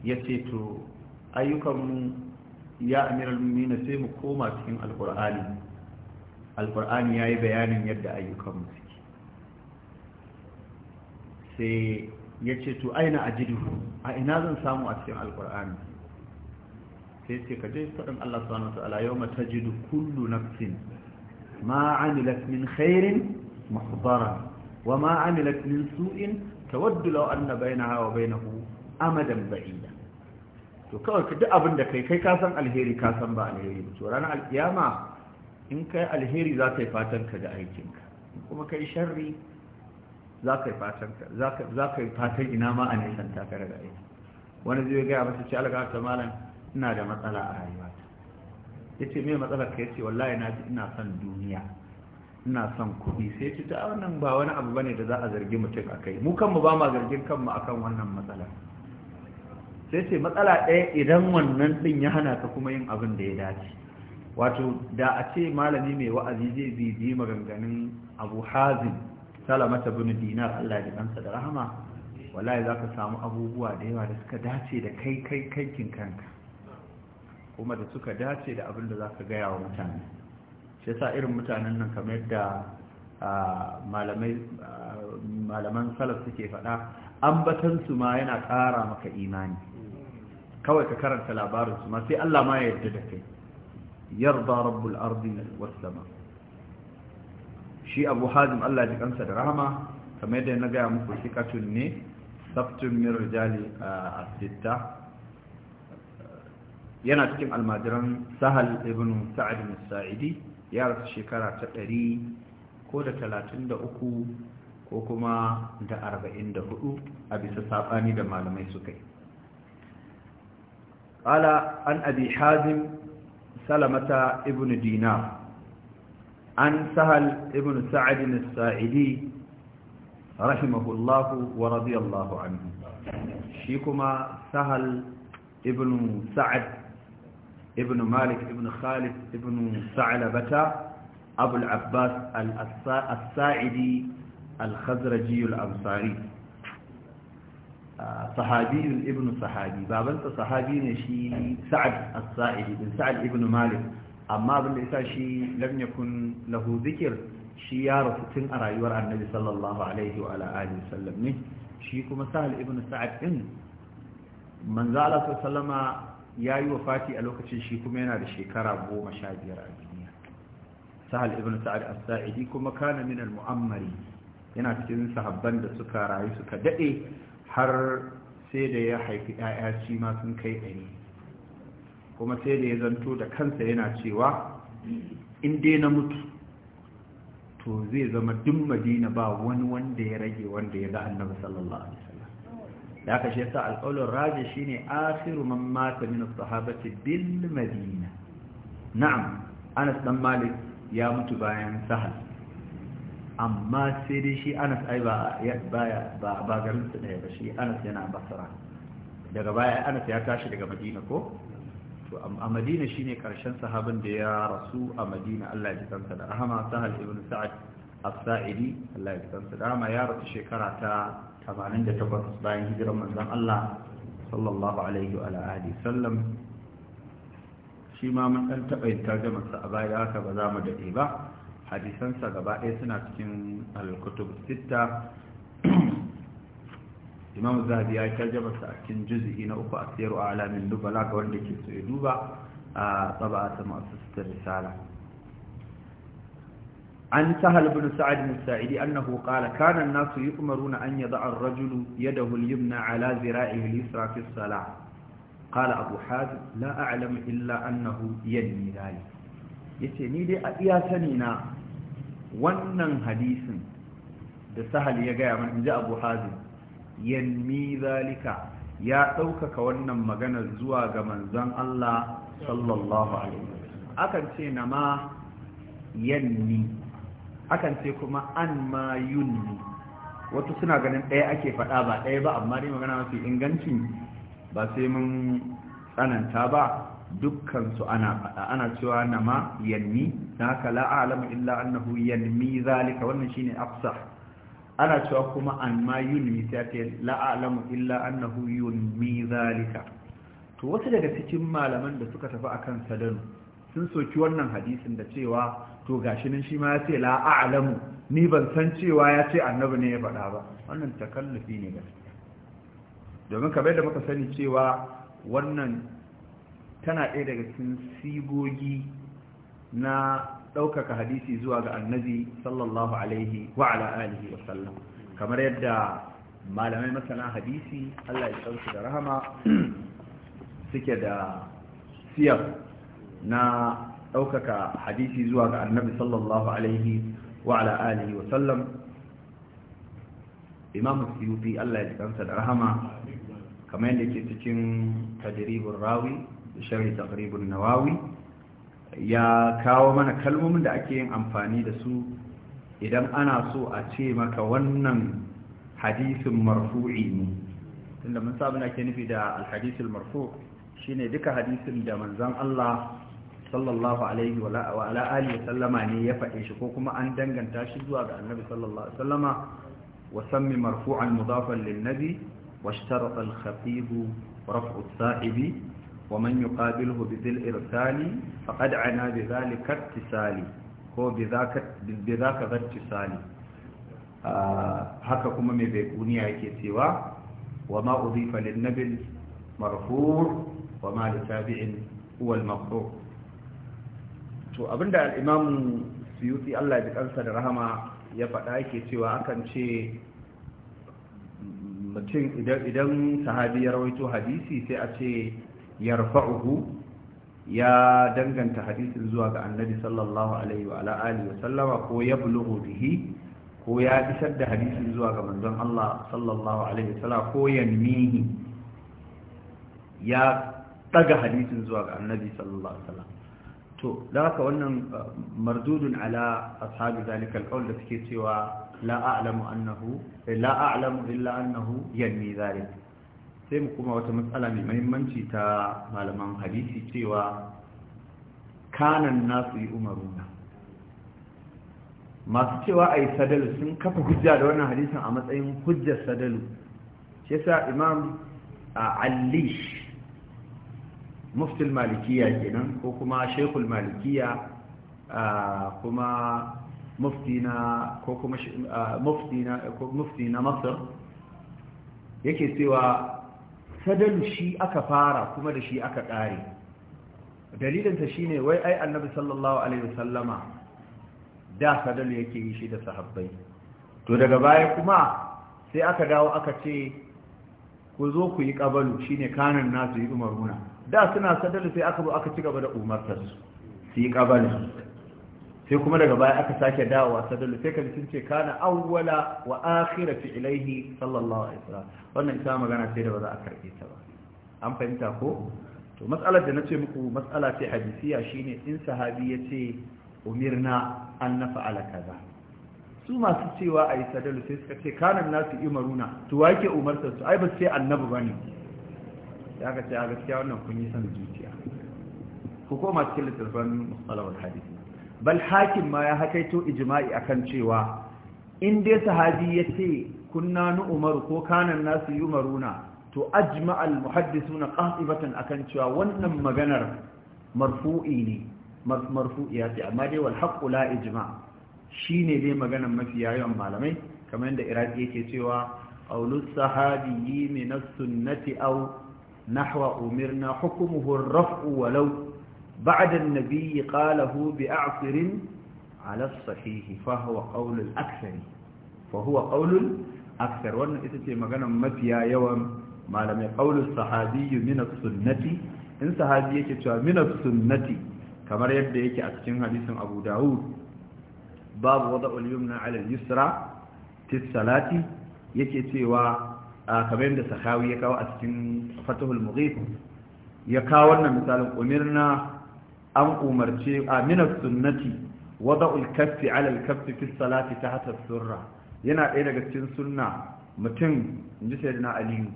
yace to ayyukan mu ya amiral mu'minin sai mu koma cikin alqur'ani ya yayi bayanin yadda ayyukanmu. suke sai yace to aina ajidu a ina zan samu a cikin alkur'ani sai ce ka je faɗin Allah subhanahu yau yawma tajidu kullu nafsin ma amilat min khairin muhdara wa ma amilat min su'in tawaddu law anna bainaha wa bainahu amadan ba'i. to kawai ka duk abin da kai kai ka san alheri ka san ba alheri ba to ranar alkiyama in kai alheri za ka yi fatan ka da aikin ka kuma kai sharri za ka yi fatan ka za ka yi fatan ina ma a nisan takar da aiki wani zai gaya masa ce alga ta malam ina da matsala a rayuwa ya ce me matsalar ka ya ce wallahi na ji ina son duniya ina son kuɗi sai ce ta wannan ba wani abu bane da za a zargi mutum a kai mu kanmu ba ma zargin kanmu akan wannan matsalar sai ce matsala ɗaya idan wannan ɗin ya hana ka kuma yin abin da ya dace wato da a ce malami mai wa'azi zai bibi maganganun abu hazin salamata bin dinar allah ya ɗansa da rahama wallahi za ka samu abubuwa da yawa da suka dace da kai kai kankin kanka kuma da suka dace da abin da za ka gaya wa mutane shi sa irin mutanen nan kamar yadda malaman salaf suke faɗa ambatansu ma yana ƙara maka imani kawai ka karanta labarin su ma sai Allah ma ya yarda da kai yarda rabbul ardi was sama shi Abu Hazim Allah jikansa kansa da rahama kamar yadda na gaya muku sikatun ne saftun min rijali as-sitta yana cikin almajiran Sahal ibn Sa'd as-Sa'idi ya rasu shekara ta 100 ko da 33 ko kuma da 44 a bisa sabani da malamai suka yi قال عن أبي حازم سلمة ابن دينار عن سهل ابن سعد الساعدي رحمه الله ورضي الله عنه شيكما سهل ابن سعد ابن مالك ابن خالد ابن ثعلبة أبو العباس الساعدي الخزرجي الأنصاري sahabiyun ibn sahabi babansa sahabi ne shi sa'ad as-sa'idi bin sa'ad ibn malik amma abin da yasa shi lam yakun lahu dhikr shi ya rasu tun a rayuwar annabi sallallahu alaihi wa alihi sallam ne shi kuma sahal ibn sa'ad din manzo Allah sallama yayi wafati a lokacin shi kuma yana da shekara 15 a duniya sahal ibn sa'ad as-sa'idi kuma kana min al-mu'ammari yana cikin sahabban da suka rayu suka dade har sai da ya haifi 'ya'ya shi ma sun kai ɗari kuma sai da ya zanto da kansa yana cewa in dai na mutu to zai zama duk madina ba wani wanda ya rage wanda ya ga annabi sallallahu alaihi wasallam da aka shi yasa alƙawlin raji shine asiru man mata min sahabati bil madina na'am Anas dan Malik ya mutu bayan Sahal amma sai dai shi anas ai ba ba garin su ɗaya ba shi anas yana basara daga baya anas ya tashi daga madina ko to a madina shine karshen sahabin da ya rasu a madina Allah ya kansa da rahama sahal ibn sa'ad as-sa'idi Allah ya kansa da rahama ya rasu shekara ta 88 bayan hijiran manzon Allah sallallahu alaihi wa alihi sallam shi ma mun dan taɓa yin tarjamar sa a baya haka ba za mu dade ba hadisansa gaba ɗaya suna cikin alkutub sita imam zabi ya kyarjaba sa a cikin juzi na uku a siyarwa alamin dubala wanda ke so ya duba a tsaba a sama su risala an sahal bin sa'ad bin sa'idi annahu qala kana an-nas yu'maruna an yada ar-rajul yadahu al-yumna ala zira'ihi al-yusra qala abu hazim la a'lamu illa annahu yanni dai yace ni dai a iya sani na wannan hadisin da sahal ya gaya mana inji abu hazin yanmi zalika ya ɗaukaka wannan magana zuwa ga manzon Allah sallallahu alaihi akan ce na ma yanni akan ce kuma an ma yunni wato suna ganin ɗaya ake faɗa ba ɗaya ba amma dai magana mafi inganci ba sai mun tsananta ba dukkansu ana faɗa ana cewa nama yanmi na haka la'alamu illa annahu yanmi zalika wannan shine afsa ana cewa kuma an ma yunmi ta ce la'alamu illa annahu yunmi zalika to wasu daga cikin malaman da suka tafi akan sadanu sun soki wannan hadisin da cewa to gashi nan shi ma ya ce la'alamu ni ban san cewa ya ce annabi ne ya faɗa ba wannan takallufi ne gaskiya domin kamar da muka sani cewa wannan tana ɗaya daga cikin sigogi na ɗaukaka hadisi zuwa ga annabi sallallahu alaihi wa ala alihi wa sallam kamar yadda malamai masana hadisi Allah ya tsarki da rahama suke da siyar na ɗaukaka hadisi zuwa ga annabi sallallahu alaihi wa ala alihi wa sallam imam suyuti Allah ya kansa da rahama kamar yadda ke cikin tajribur rawi sharhi taqribun nawawi ya kawo mana kalmomin da ake yin amfani da su idan ana so a ce maka wannan hadisin marfu'i ne tunda mun samu na ke nufi da alhadisul marfu shine duka hadisin da manzon Allah sallallahu alaihi wa ala alihi wa sallama ne ya faɗe shi ko kuma an danganta shi zuwa ga annabi sallallahu alaihi wa sallama wa sammi marfu'an mudafan lin nabi wa ishtarata al khatib sahibi ومن يقابله بذي الإرسال فقد عنا بذلك اتصالي هو بذاك بذاك ذا اتصالي haka kuma mai baikuniya yake cewa wa ma uzifa lin nabil marfu' wa ma to abinda al imam suyuti Allah ya kansa da rahama ya faɗa yake cewa akan ce mutum idan sahabi ya rawaito hadisi sai a ce yarfa'uhu ya danganta hadisin zuwa ga annabi sallallahu alaihi wa alihi wa ko ya bulughu bihi ko ya isar da hadisin zuwa ga manzon Allah sallallahu alaihi ko yanmihi ya daga hadisin zuwa ga annabi sallallahu alaihi to da haka wannan uh, mardudun ala ashabi zalika alqawl da suke cewa la a'lamu annahu la a'lamu illa annahu yanmi zalika sai mu kuma wata matsala mai mahimmanci ta malaman hadisi cewa kanan nasu yi umaruna masu cewa a yi sadalu sun kafa hujja da wannan hadisin a matsayin hujjar sadalu shi sa imam a ali muftul malikiya kenan ko kuma shekul malikiya kuma mufti na masar yake cewa sadalu shi aka fara kuma da shi aka ƙare dalilinta shi ne wai ai annabi sallallahu alaihi wasallama da sadalu yake yi shi da sahabbai to daga baya kuma sai aka dawo aka ce ku zo ku yi ƙabalu shi ne kanan nasu yi umaruna da suna sadalu sai aka zo aka ci gaba da umartarsu su yi ƙabalu sai kuma daga baya aka sake dawowa sadalu sai kaji sun ce kana awwala wa akhira fi ilaihi sallallahu alaihi wasallam wannan ta magana sai da ba za a karbe ta ba an fahimta ko to matsalar da nace muku matsala ce hadisiya shine in sahabi yace umirna an nafa'ala kaza su masu cewa yi sadalu sai suka ce kana nasu imaruna to wake umarta su ai ba sai annabi bane ya ga ce a gaskiya wannan kun yi san zuciya ku koma cikin littattafan mustalahul hadisi bal hakim ma ya hakaito ijma'i akan cewa in dai sahabi yace kunna nu umaru ko kanan nasu yumaruna to ajma al muhaddisuna qatibatan akan cewa wannan maganar marfu'i ne marfu'iya ce amma dai wal haqqu la ijma shine dai maganar mafiya yawan malamai kamar yadda iraki yake cewa qawlu sahabiyyi min as-sunnati aw nahwa umirna hukmuhu ar-raf'u walau بعد النبي قاله بأعصر على الصحيح فهو قول الأكثر فهو قول الأكثر وأن إتتي مغانا مفيا يوم ما لم يقول الصحابي من السنة إن صحابي يكتوى من السنة كما يبدأ يكي أكتن حديث أبو داود باب وضع اليمنى على اليسرى في الصلاة يكتوى كما يبدأ سخاوي يكوى أكتن فتح المغيث يكاوى أن مثال أمرنا an umarce a minas sunnati wada'ul kaffi alal al-kaffi fi salati tahta surra yana ɗaya daga cikin sunna mutum inji sayyidina aliyu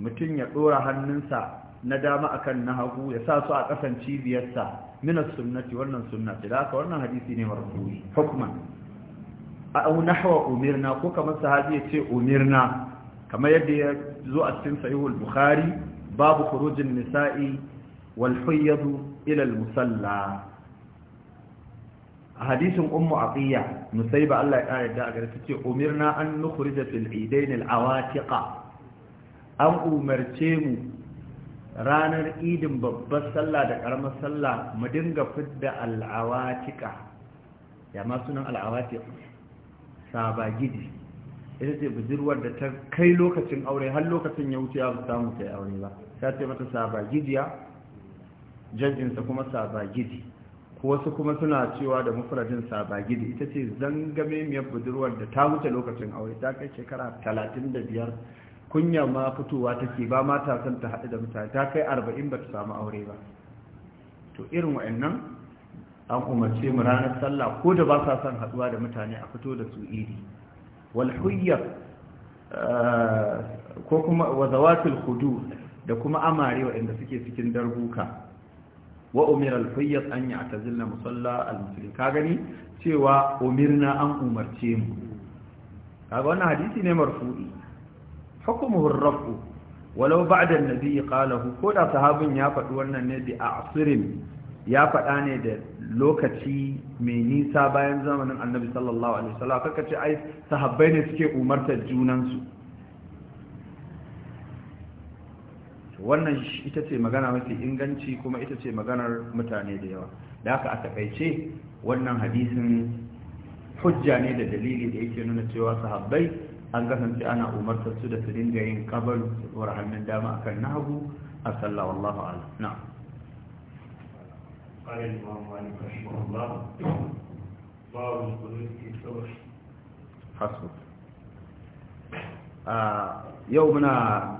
mutum ya dora hannunsa na dama akan na hagu ya sa su a kasan cibiyarsa minas sunnati wannan sunna da wannan hadisi ne marfu'i hukman au nahwa umirna ko kamar sahabi ya ce umirna kamar yadda ya zo a cikin sahihul bukhari babu khurujin nisa'i wal hayyadu ilal musalla a hadisin ummu aqiya musaiba Allah ya kare da a ta ce umirna an nukhrija fil idain al awatiqa an umarce mu ranar idin babbar sallah da karamar sallah mu dinga fidda al awatiqa ya ma sunan al awatiq gidi ita ce budurwar da ta kai lokacin aure har lokacin ya wuce ya samu kai aure ba ta ce mata gidiya jam'insa kuma sabagidi ko wasu kuma suna cewa da mufradin sabagidi ita ce zangame zangamemiyar budurwar da ta wuce lokacin aure ta kai shekara talatin da biyar kunya ma fitowa take ba ma ta san ta haɗu da mutane ta kai arba'in ba ta samu aure ba to irin wa'annan an umarce mu ranar sallah ko da ba sa son haɗuwa da mutane a fito da su iri walhuyyar eh, ko kuma wazawatul hudu da kuma amare waɗanda suke cikin darbuka wa umira al an ya'tazilna musalla al-muslim ka gani cewa umirna an umarce mu kaga wannan hadisi ne marfu'i hukumuhu ar-rafu walau ba'da an-nabi qalahu ko da sahabin ya faɗi wannan ne bi a'sirin ya faɗa ne da lokaci mai nisa bayan zamanin annabi sallallahu alaihi wasallam kaka ce ai sahabbai ne suke umartar junansu wannan ita ce magana mafi inganci kuma ita ce maganar mutane da yawa da aka a takaice wannan hadisin hujja ne da dalili da yake nuna cewa sahabbai an kasance ana umartar su da su dinga yin kabal tsawar hannun dama a kan nahagu a sallawa Allahu ala na yau muna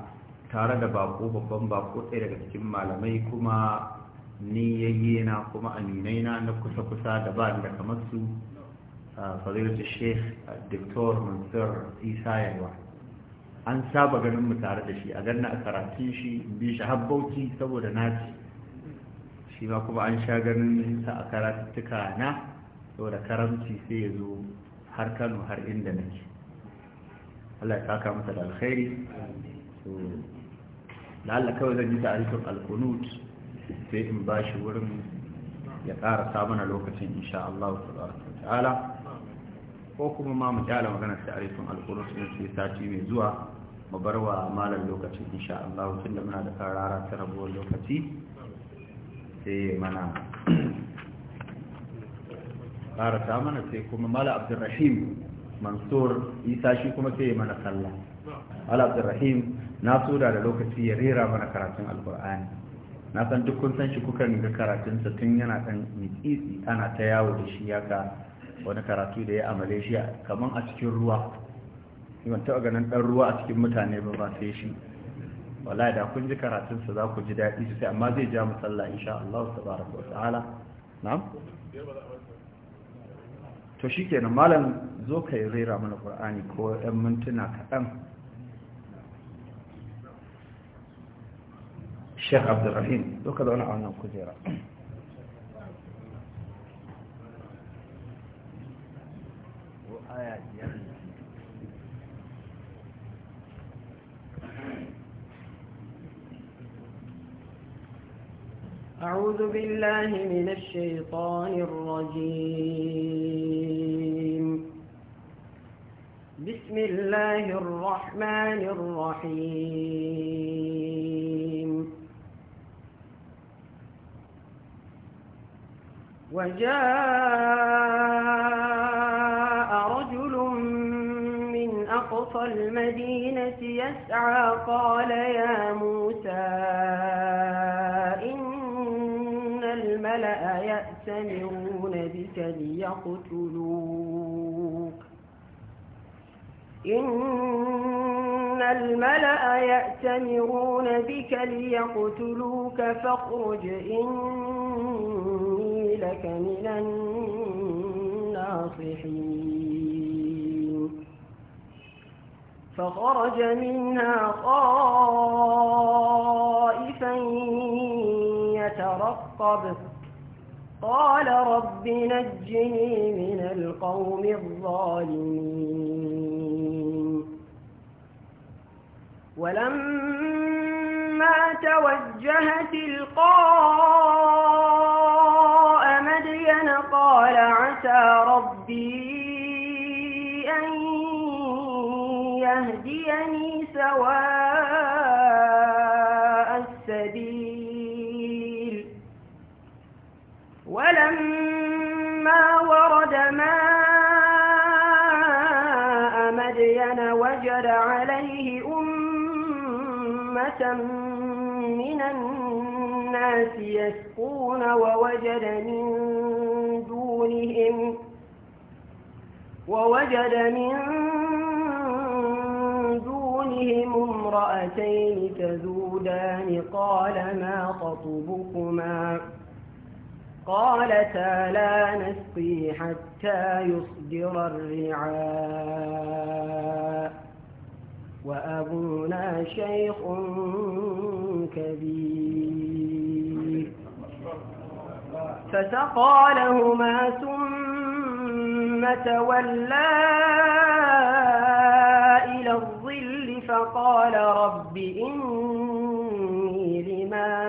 tare da bako babban bako ɗaya daga cikin malamai kuma ni yayye na kuma aminai na na kusa-kusa da ba da kamar su fadilatu sheikh dr mansur isa yawa an saba ganin mu tare da shi a ganna a karatun shi bi shi habbauci saboda na ci shi ma kuma an sha ganin sa a karatuttuka na saboda karamci sai ya zo har kano har inda nake Allah ya saka masa da alkhairi la'alla kawai zan yi ta ta'arifin alkunut sai in ba shi wurin ya ƙarasa mana lokacin insha Allah ta'ala ko kuma ma mu kyala magana ta'arifin alkunut din sai sati mai zuwa mu bar wa malam lokacin insha Allah tun da muna da karara ta rabuwar lokaci sai mana ƙarasa mana sai kuma mala abdurrahim mansur isa shi kuma sai mana sallah ala abdurrahim na so da da lokaci ya rera mana karatun alkur'ani na san duk kun san shi kuka ga karatunsa tun yana ɗan mitsitsi ana ta yawo da shi ya ga wani karatu da ya a malaysia kamar a cikin ruwa ban taɓa ganin ɗan ruwa a cikin mutane ba ba sai shi wallahi da kun ji karatunsa za ku ji daɗi sai? amma zai ja musalla insha Allah subhanahu wa ta'ala na'am to shikenan malam zo ka rera mana qur'ani ko ɗan mintuna kaɗan الشيخ عبد الرحيم وكذا أنا عنه كثيرا أعوذ بالله من الشيطان الرجيم بسم الله الرحمن الرحيم وجاء رجل من أقصى المدينة يسعى قال يا موسى إن الملأ يأتمرون بك ليقتلوك إن الملأ يأتمرون بك ليقتلوك فاخرج إن لك من الناصحين فخرج منها خائفا يترقب قال رب نجني من القوم الظالمين ولما توجه تلقاه قال عسى ربي أن يهديني سواء السبيل ولما ورد ماء مدين وجد عليه أمة من الناس يسقون ووجد من دونهم ووجد من دونهم امرأتين تذودان قال ما خطبكما قالتا لا نسقي حتى يصدر الرعاء وأبونا شيخ كبير فسقى لهما ثم تولى إلى الظل فقال رب إني لما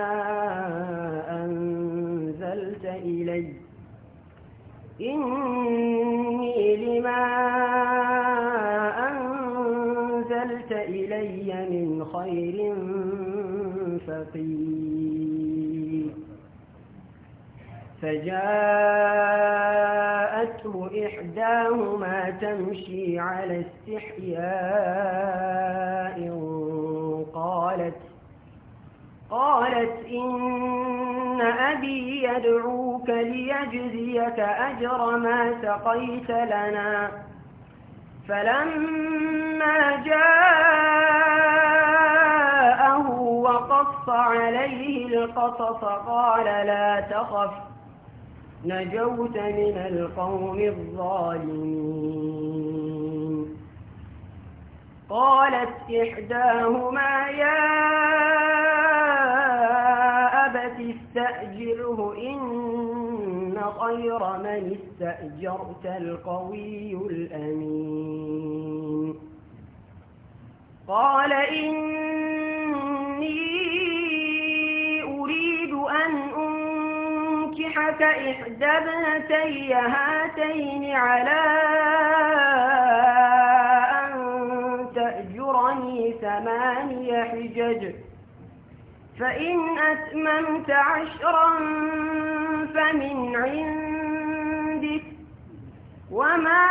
أنزلت إلي إني لما أنزلت إلي من خير فقير فجاءته إحداهما تمشي على استحياء قالت قالت إن أبي يدعوك ليجزيك أجر ما سقيت لنا فلما جاءه وقص عليه القصص قال لا تخف نجوت من القوم الظالمين قالت إحداهما يا أبت استأجره إن خير من استأجرت القوي الأمين قال إني أنكحك إحدى ابنتي هاتين على أن تأجرني ثماني حجج فإن أتممت عشرا فمن عندك وما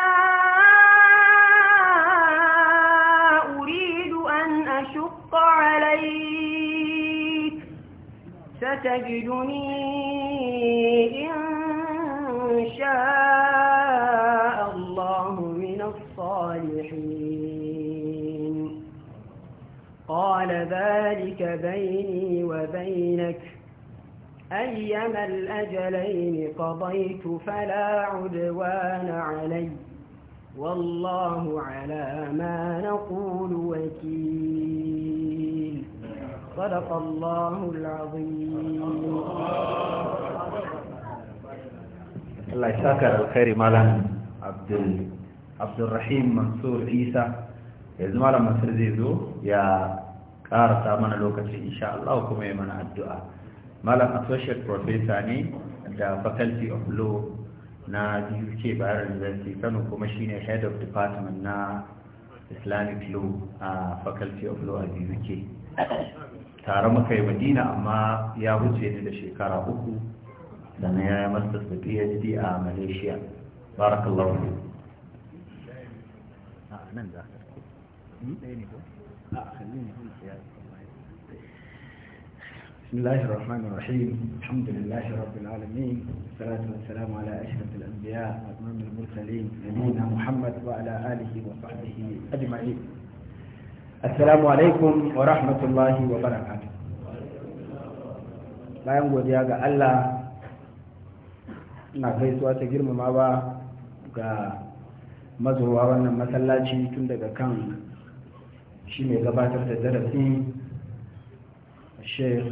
ستجدني إن شاء الله من الصالحين قال ذلك بيني وبينك أيما الأجلين قضيت فلا عدوان علي والله على ما نقول وكيل صدق الله العظيم الله يشكر الخير مالا عبد عبد الرحيم منصور عيسى يزم على منصور زيزو يا كار تامن لوكتي ان شاء الله وكم يمنع الدعاء مالا اسوشيت بروفيساني دا فاكولتي اوف لو نا دي يو بار يونيفرسيتي كانوا كما شيني هيد اوف نا اسلاميك لو فاكولتي اوف لو tare muka yi madina amma ya wuce ni da shekara uku sannan ya yi masa phd a malaysia barakallahu ne بسم الله الرحمن الرحيم الحمد لله رب العالمين والصلاة والسلام على أشرف الأنبياء وأمام المرسلين نبينا محمد وعلى آله وصحبه أجمعين assalamu alaikum wa rahmatullahi wa barakatuh bayan godiya ga Allah na gaisuwa ta girmama ba ga mazowa wannan masallaci tun daga kan shi mai gabatar da darasi sheikh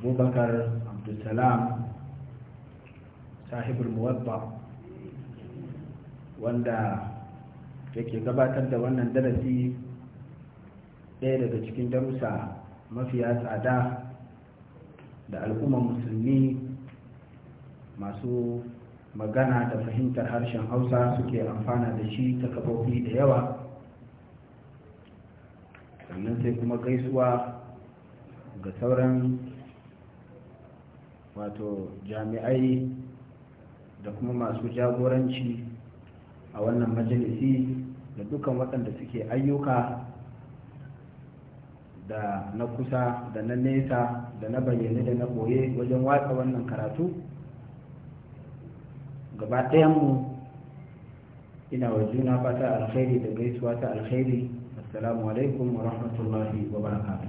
abubakar abdulsalam sahibul muwabba wanda da ke gabatar da wannan darasi ɗaya daga cikin darussa mafiya tsada da al'ummar musulmi masu magana da fahimtar harshen hausa suke amfana da shi ta kafofi da yawa sannan sai kuma gaisuwa ga sauran wato jami'ai da kuma masu jagoranci a wannan majalisi da dukkan waɗanda suke ayyuka da na kusa da na nesa da na bayyane da na ɓoye wajen watsa wannan karatu gaba ɗayanmu ina wa juna fata alkhairi da gaisuwa ta alkhairi assalamu alaikum wa rahmatullahi wa barakatu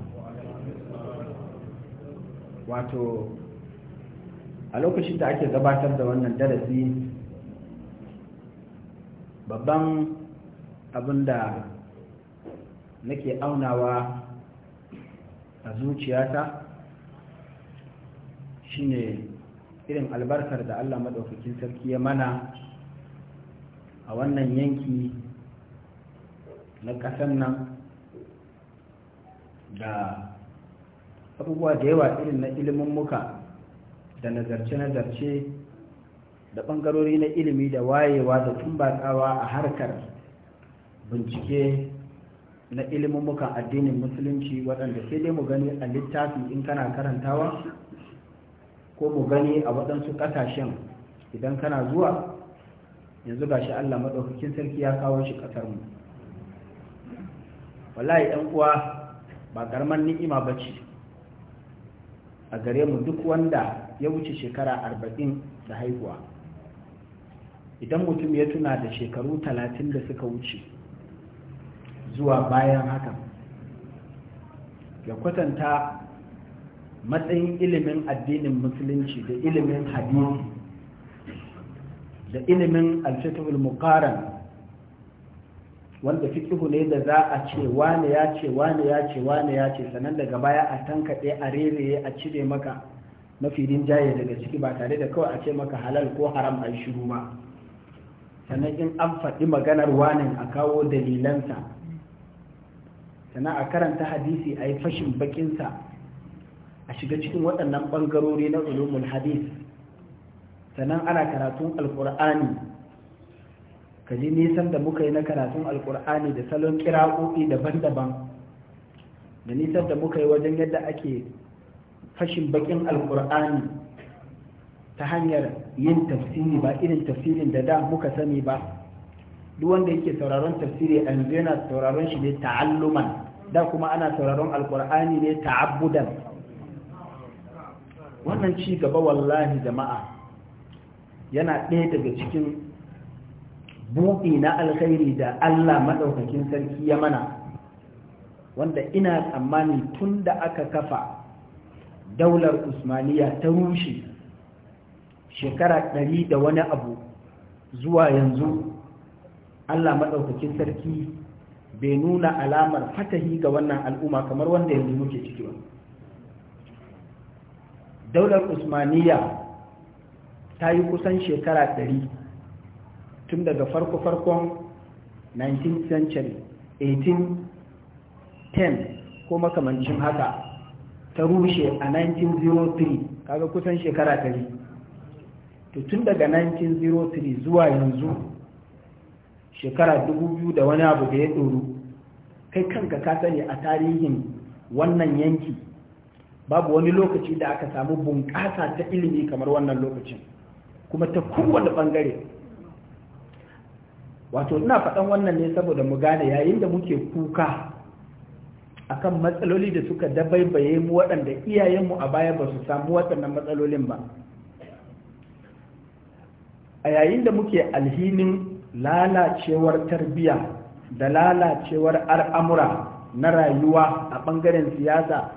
wato a lokacin da ake gabatar da wannan darasi babban abin da nake aunawa a zuciyata shine irin albarkar da allah maɗaukakin sarki ya mana a wannan yanki na ƙasar nan da abubuwa da yawa irin na ilimin muka da nazarce-nazarce da ɓangarori na ilimi da wayewa da tumbatawa a harkar bincike na ilimin addinin musulunci waɗanda sai dai mu gani a littafi in kana karantawa ko mu gani a waɗansu ƙasashen idan kana zuwa yanzu ga shi allah maɗaukakin sarki ya kawo shi ƙasarmu wallahi ɗan uwa ba ƙarman ni'ima ba ce a gare mu duk wanda ya wuce shekara arba'in da haihuwa idan mutum ya tuna da shekaru talatin da suka wuce zuwa bayan haka ya kwatanta matsayin ilimin addinin musulunci da ilimin hadisi da ilimin alfitul muqaran wanda fikihu ne da za a ce wane ya ce wane ya ce wane ya ce sannan daga baya a tankaɗe a rereye a cire maka mafi rinjaye daga ciki ba tare da kawai a ce maka halal ko haram a yi shiru ba sannan in an faɗi maganar wanin a kawo dalilansa sannan a karanta hadisi a yi fashin bakinsa a shiga cikin waɗannan ɓangarori na ulumul hadis sannan ana karatun alƙur'ani ka ji nisan da muka yi na karatun alƙur'ani da salon kira'o'i daban-daban da nisan da muka yi wajen yadda ake fashin bakin alƙur'ani ta hanyar yin tafsiri ba irin tafsirin da da muka sani ba duk wanda yake sauraron tafsiri a yanzu yana sauraron shi ne ta'alluman da kuma ana sauraron alkur'ani ne ta'abbudan wannan ci gaba wallahi jama'a yana ɗaya daga cikin buɗi na alkhairi da Allah maɗaukakin sarki ya mana wanda ina tsammani tun da aka kafa daular usmaniya ta rushe shekara ɗari da wani abu zuwa yanzu Allah maɗaukacin sarki bai nuna alamar fatahi ga wannan al'umma kamar wanda yanzu muke ciki ba daular Usmaniyya ta yi kusan shekara ɗari tun daga farko-farkon 19th century 1810 ko makamancin haka ta rushe a 1903 kaga kusan shekara ɗari to tun daga 1903 zuwa yanzu shekara 2000 da wani abu da ya doru kai kanka ka sani a tarihin wannan yanki babu wani lokaci da aka samu bunƙasa ta ilimi kamar wannan lokacin kuma ta kowane ɓangare wato ina faɗan wannan ne saboda mu gane yayin da muke kuka akan matsaloli da suka dabaibaye mu waɗanda iyayenmu a baya ba su samu waɗannan matsalolin ba a yayin da muke alhinin lalacewar tarbiya da lalacewar al'amura na rayuwa a ɓangaren siyasa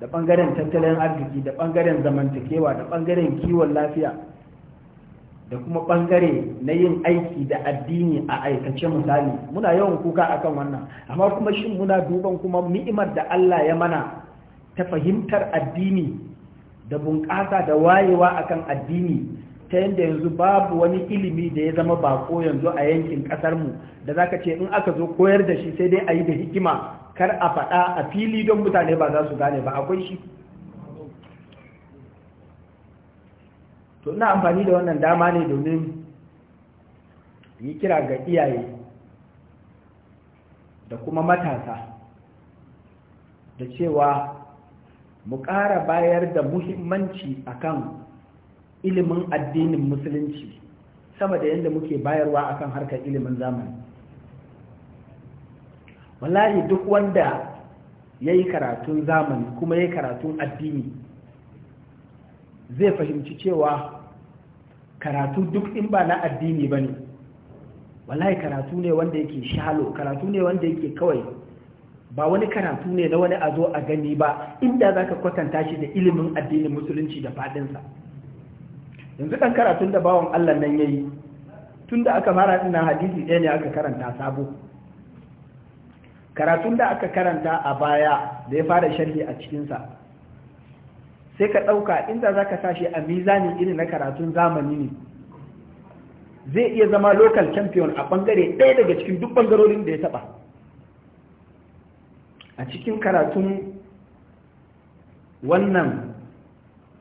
da ɓangaren tattalin arziki da ɓangaren zamantakewa da ɓangaren kiwon lafiya da kuma ɓangare na yin aiki da addini a aikace misali muna yawan kuka akan wannan amma kuma shin muna duban kuma ni'imar da Allah ya mana ta fahimtar addini da bunƙasa da wayewa akan addini ta yadda yanzu babu wani ilimi da ya zama bako yanzu a yankin ƙasarmu da za ka ce in aka zo koyar da shi sai dai a yi da hikima kar a faɗa a fili don mutane ba za su gane ba akwai shi to ina amfani da wannan dama ne domin yi kira ga iyaye da kuma matasa da cewa mu ƙara bayar da muhimmanci akan ilimin addinin musulunci sama da yadda muke bayarwa akan harkar ilimin zamani wallahi duk wanda ya yi karatun zamani kuma ya yi karatun addini zai fahimci cewa karatu duk in ba na addini ba ne wallahi karatu ne wanda yake shalo karatu ne wanda yake kawai ba wani karatu ne na wani a zo a gani ba inda za ka kwatanta shi da ilimin addinin musulunci da fadinsa. yanzu ɗan karatun da bawan Allah nan ya yi. tun da aka fara ina hadisi ɗaya ne aka karanta sabo karatun da aka karanta a baya da ya fara sharhi a cikinsa sai ka ɗauka inda za ka tashi a mizani irin na karatun zamani ne zai iya zama local champion a ɓangare ɗaya daga cikin duk ɓangarorin da ya taɓa a cikin karatun wannan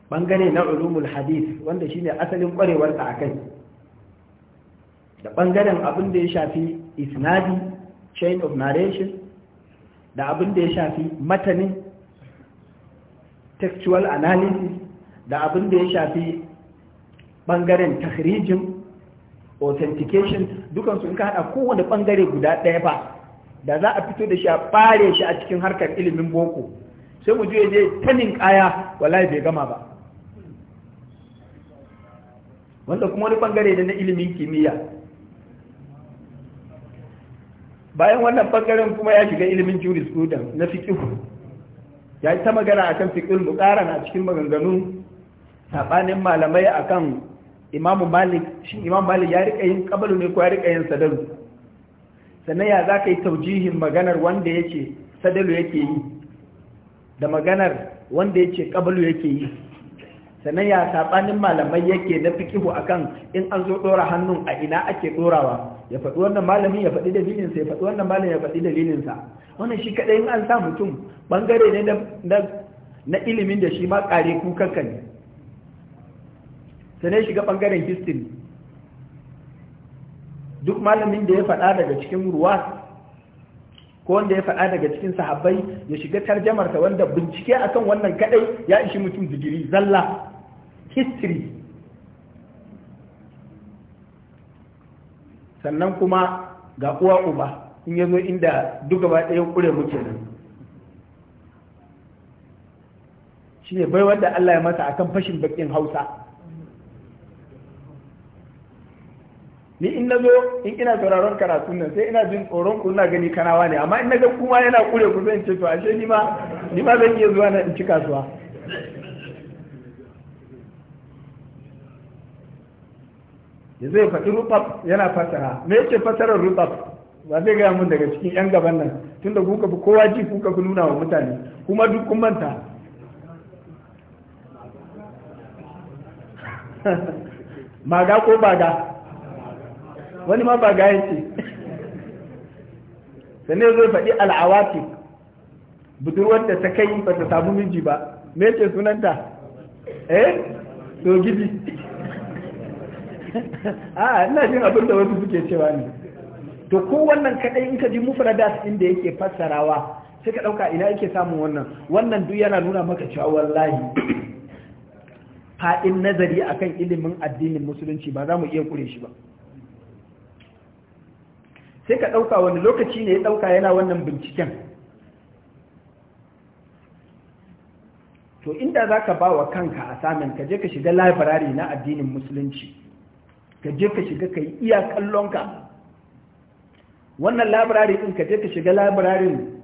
bangare na ulumul hadith wanda shine asalin kwarewar a kai da bangaren abin da ya shafi isnadi chain of narration da abin da ya shafi matanin textual analysis da abin da ya shafi bangaren tahrijin authentication dukansu in ka hada kowane bangare guda ɗaya ba da za a fito da shi a ɓare shi a cikin harkar ilimin boko sai mu je je tanin kaya wallahi bai gama ba wanda kuma wani bangare ne na ilimin kimiyya bayan wannan bangaren kuma ya shiga ilimin jurisprudence na fikihu ya yi ta magana akan fiqh muqarana a cikin maganganu sabanin malamai akan Imamu Malik shi Imam Malik ya rika yin kabalu ne ko ya rika yin sadalu sannan ya ka yi taujihin maganar wanda ce sadalu yake yi da maganar wanda yace kabalu yake yi sannan ya saɓanin malamai yake na fikihu akan in an zo ɗora hannun a ina ake ɗorawa ya faɗi wannan malamin ya faɗi dalilinsa ya faɗi wannan malamin ya faɗi dalilinsa wannan shi kaɗai in an sa mutum ɓangare ne na ilimin da shi ma ƙare kukanka ne sannan shiga ɓangaren history duk malamin da ya faɗa daga cikin ruwa ko wanda ya faɗa daga cikin sahabbai ya shiga tarjamarsa wanda bincike akan wannan kadai ya ishi mutum digiri zalla history sannan kuma ga uwa uba in ya inda duk gaba ɗaya ƙure muke nan shi ne bai wanda Allah ya masa akan fashin bakin hausa ni in na in ina sauraron karatu nan sai ina jin tsoron kuna gani kanawa ne amma in na ga kuma yana kure ku zan ce to ashe ni ma ni ma zan iya zuwa na in ci kasuwa ya zai faɗi rutab yana fasara me yake fasarar rutab ba zai gaya mun daga cikin yan gaban nan tunda kuka fi kowa ji kuka fi nuna wa mutane kuma duk kun manta maga ko baga wani ma baga yake sannan zai faɗi al'awati budurwar da ta kai ba ta samu miji ba me yake sunanta eh to gidi a ah, ina jin abin da wasu suke cewa ne to ko wannan kadai in ka ji mufradat inda yake fassarawa sai ka dauka ina yake samun wannan wannan duk yana nuna maka cewa wallahi fa'in nazari akan ilimin addinin musulunci ba za mu iya kure shi ba sai ka ɗauka wani lokaci ne ya ɗauka yana wannan binciken to inda za ka ba wa kanka a samun ka je ka shiga library na addinin musulunci ka je ka shiga ka yi iya kallonka wannan labirari ɗin ka je ka shiga labirarin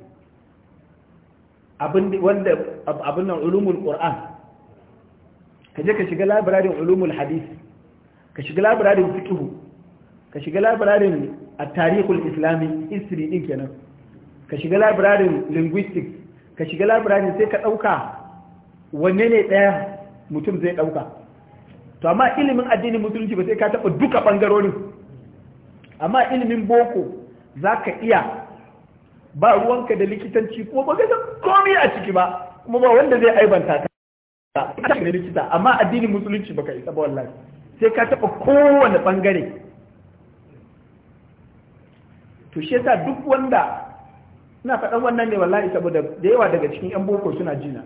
abin nan ulumul ƙur'an ka je ka shiga labirarin ulumul hadis ka shiga labirarin fikihu ka shiga labirarin a tarihul islami history ɗin kenan ka shiga labirarin linguistics ka shiga labirarin sai ka ɗauka wanne ne ɗaya mutum zai ɗauka to amma ilimin addinin musulunci ba sai ka taba duka bangarorin amma ilimin boko za ka iya ba ruwanka da likitanci kuma ba san komai a ciki ba kuma ba wanda zai aibanta ka da likita amma addinin musulunci baka isa ba wallahi sai ka taɓa kowane ɓangare to shi yasa duk wanda ina faɗan wannan ne wallahi saboda da yawa daga cikin yan boko suna jina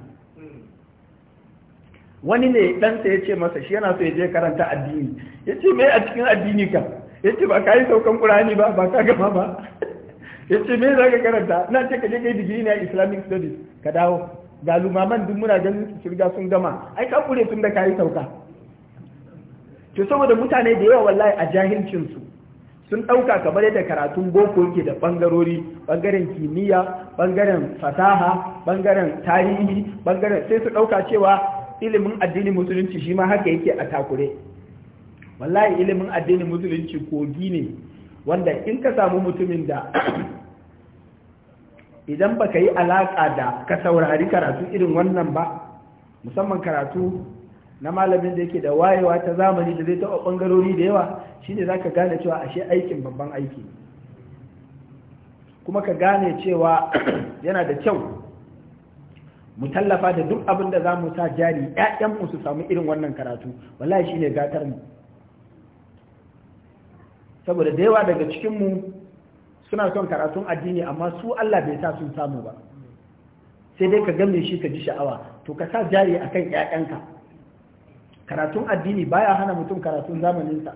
wani ne ɗansa ya ce masa shi yana so ya je karanta addini ya ce mai a cikin addini ka ya ce ba ka yi saukan ƙurani ba ba ka gama ba ya ce mai za ka karanta na ce ka je kai digiri a islamic studies ka dawo ga lumaman duk muna ganin su shirga sun gama ai ka kure tun da ka yi sauka to saboda mutane da yawa wallahi a jahilcinsu sun ɗauka kamar yadda karatun boko yake da ɓangarori ɓangaren kimiyya ɓangaren fasaha ɓangaren tarihi ɓangaren sai su ɗauka cewa ilimin addinin musulunci shi ma haka yake a takure wallahi ilimin addinin musulunci kogi ne wanda in ka samu mutumin da idan ba ka yi alaƙa da ka saurari karatu irin wannan ba musamman karatu na malamin da yake da wayewa ta zamani da zai taɓa ɓangarori da yawa shine za ka gane cewa ashe aikin babban aiki kuma ka gane cewa yana da kyau mu tallafa da duk abin da za mu sa jari 'ya'yanmu su samu irin wannan karatu wallahi shi gatar mu saboda da yawa daga cikinmu suna son karatun addini amma su Allah bai sa sun samu ba sai dai ka game shi ka ji sha'awa to ka sa jari kan 'ya'yanka. karatun addini baya hana mutum karatun zamaninsa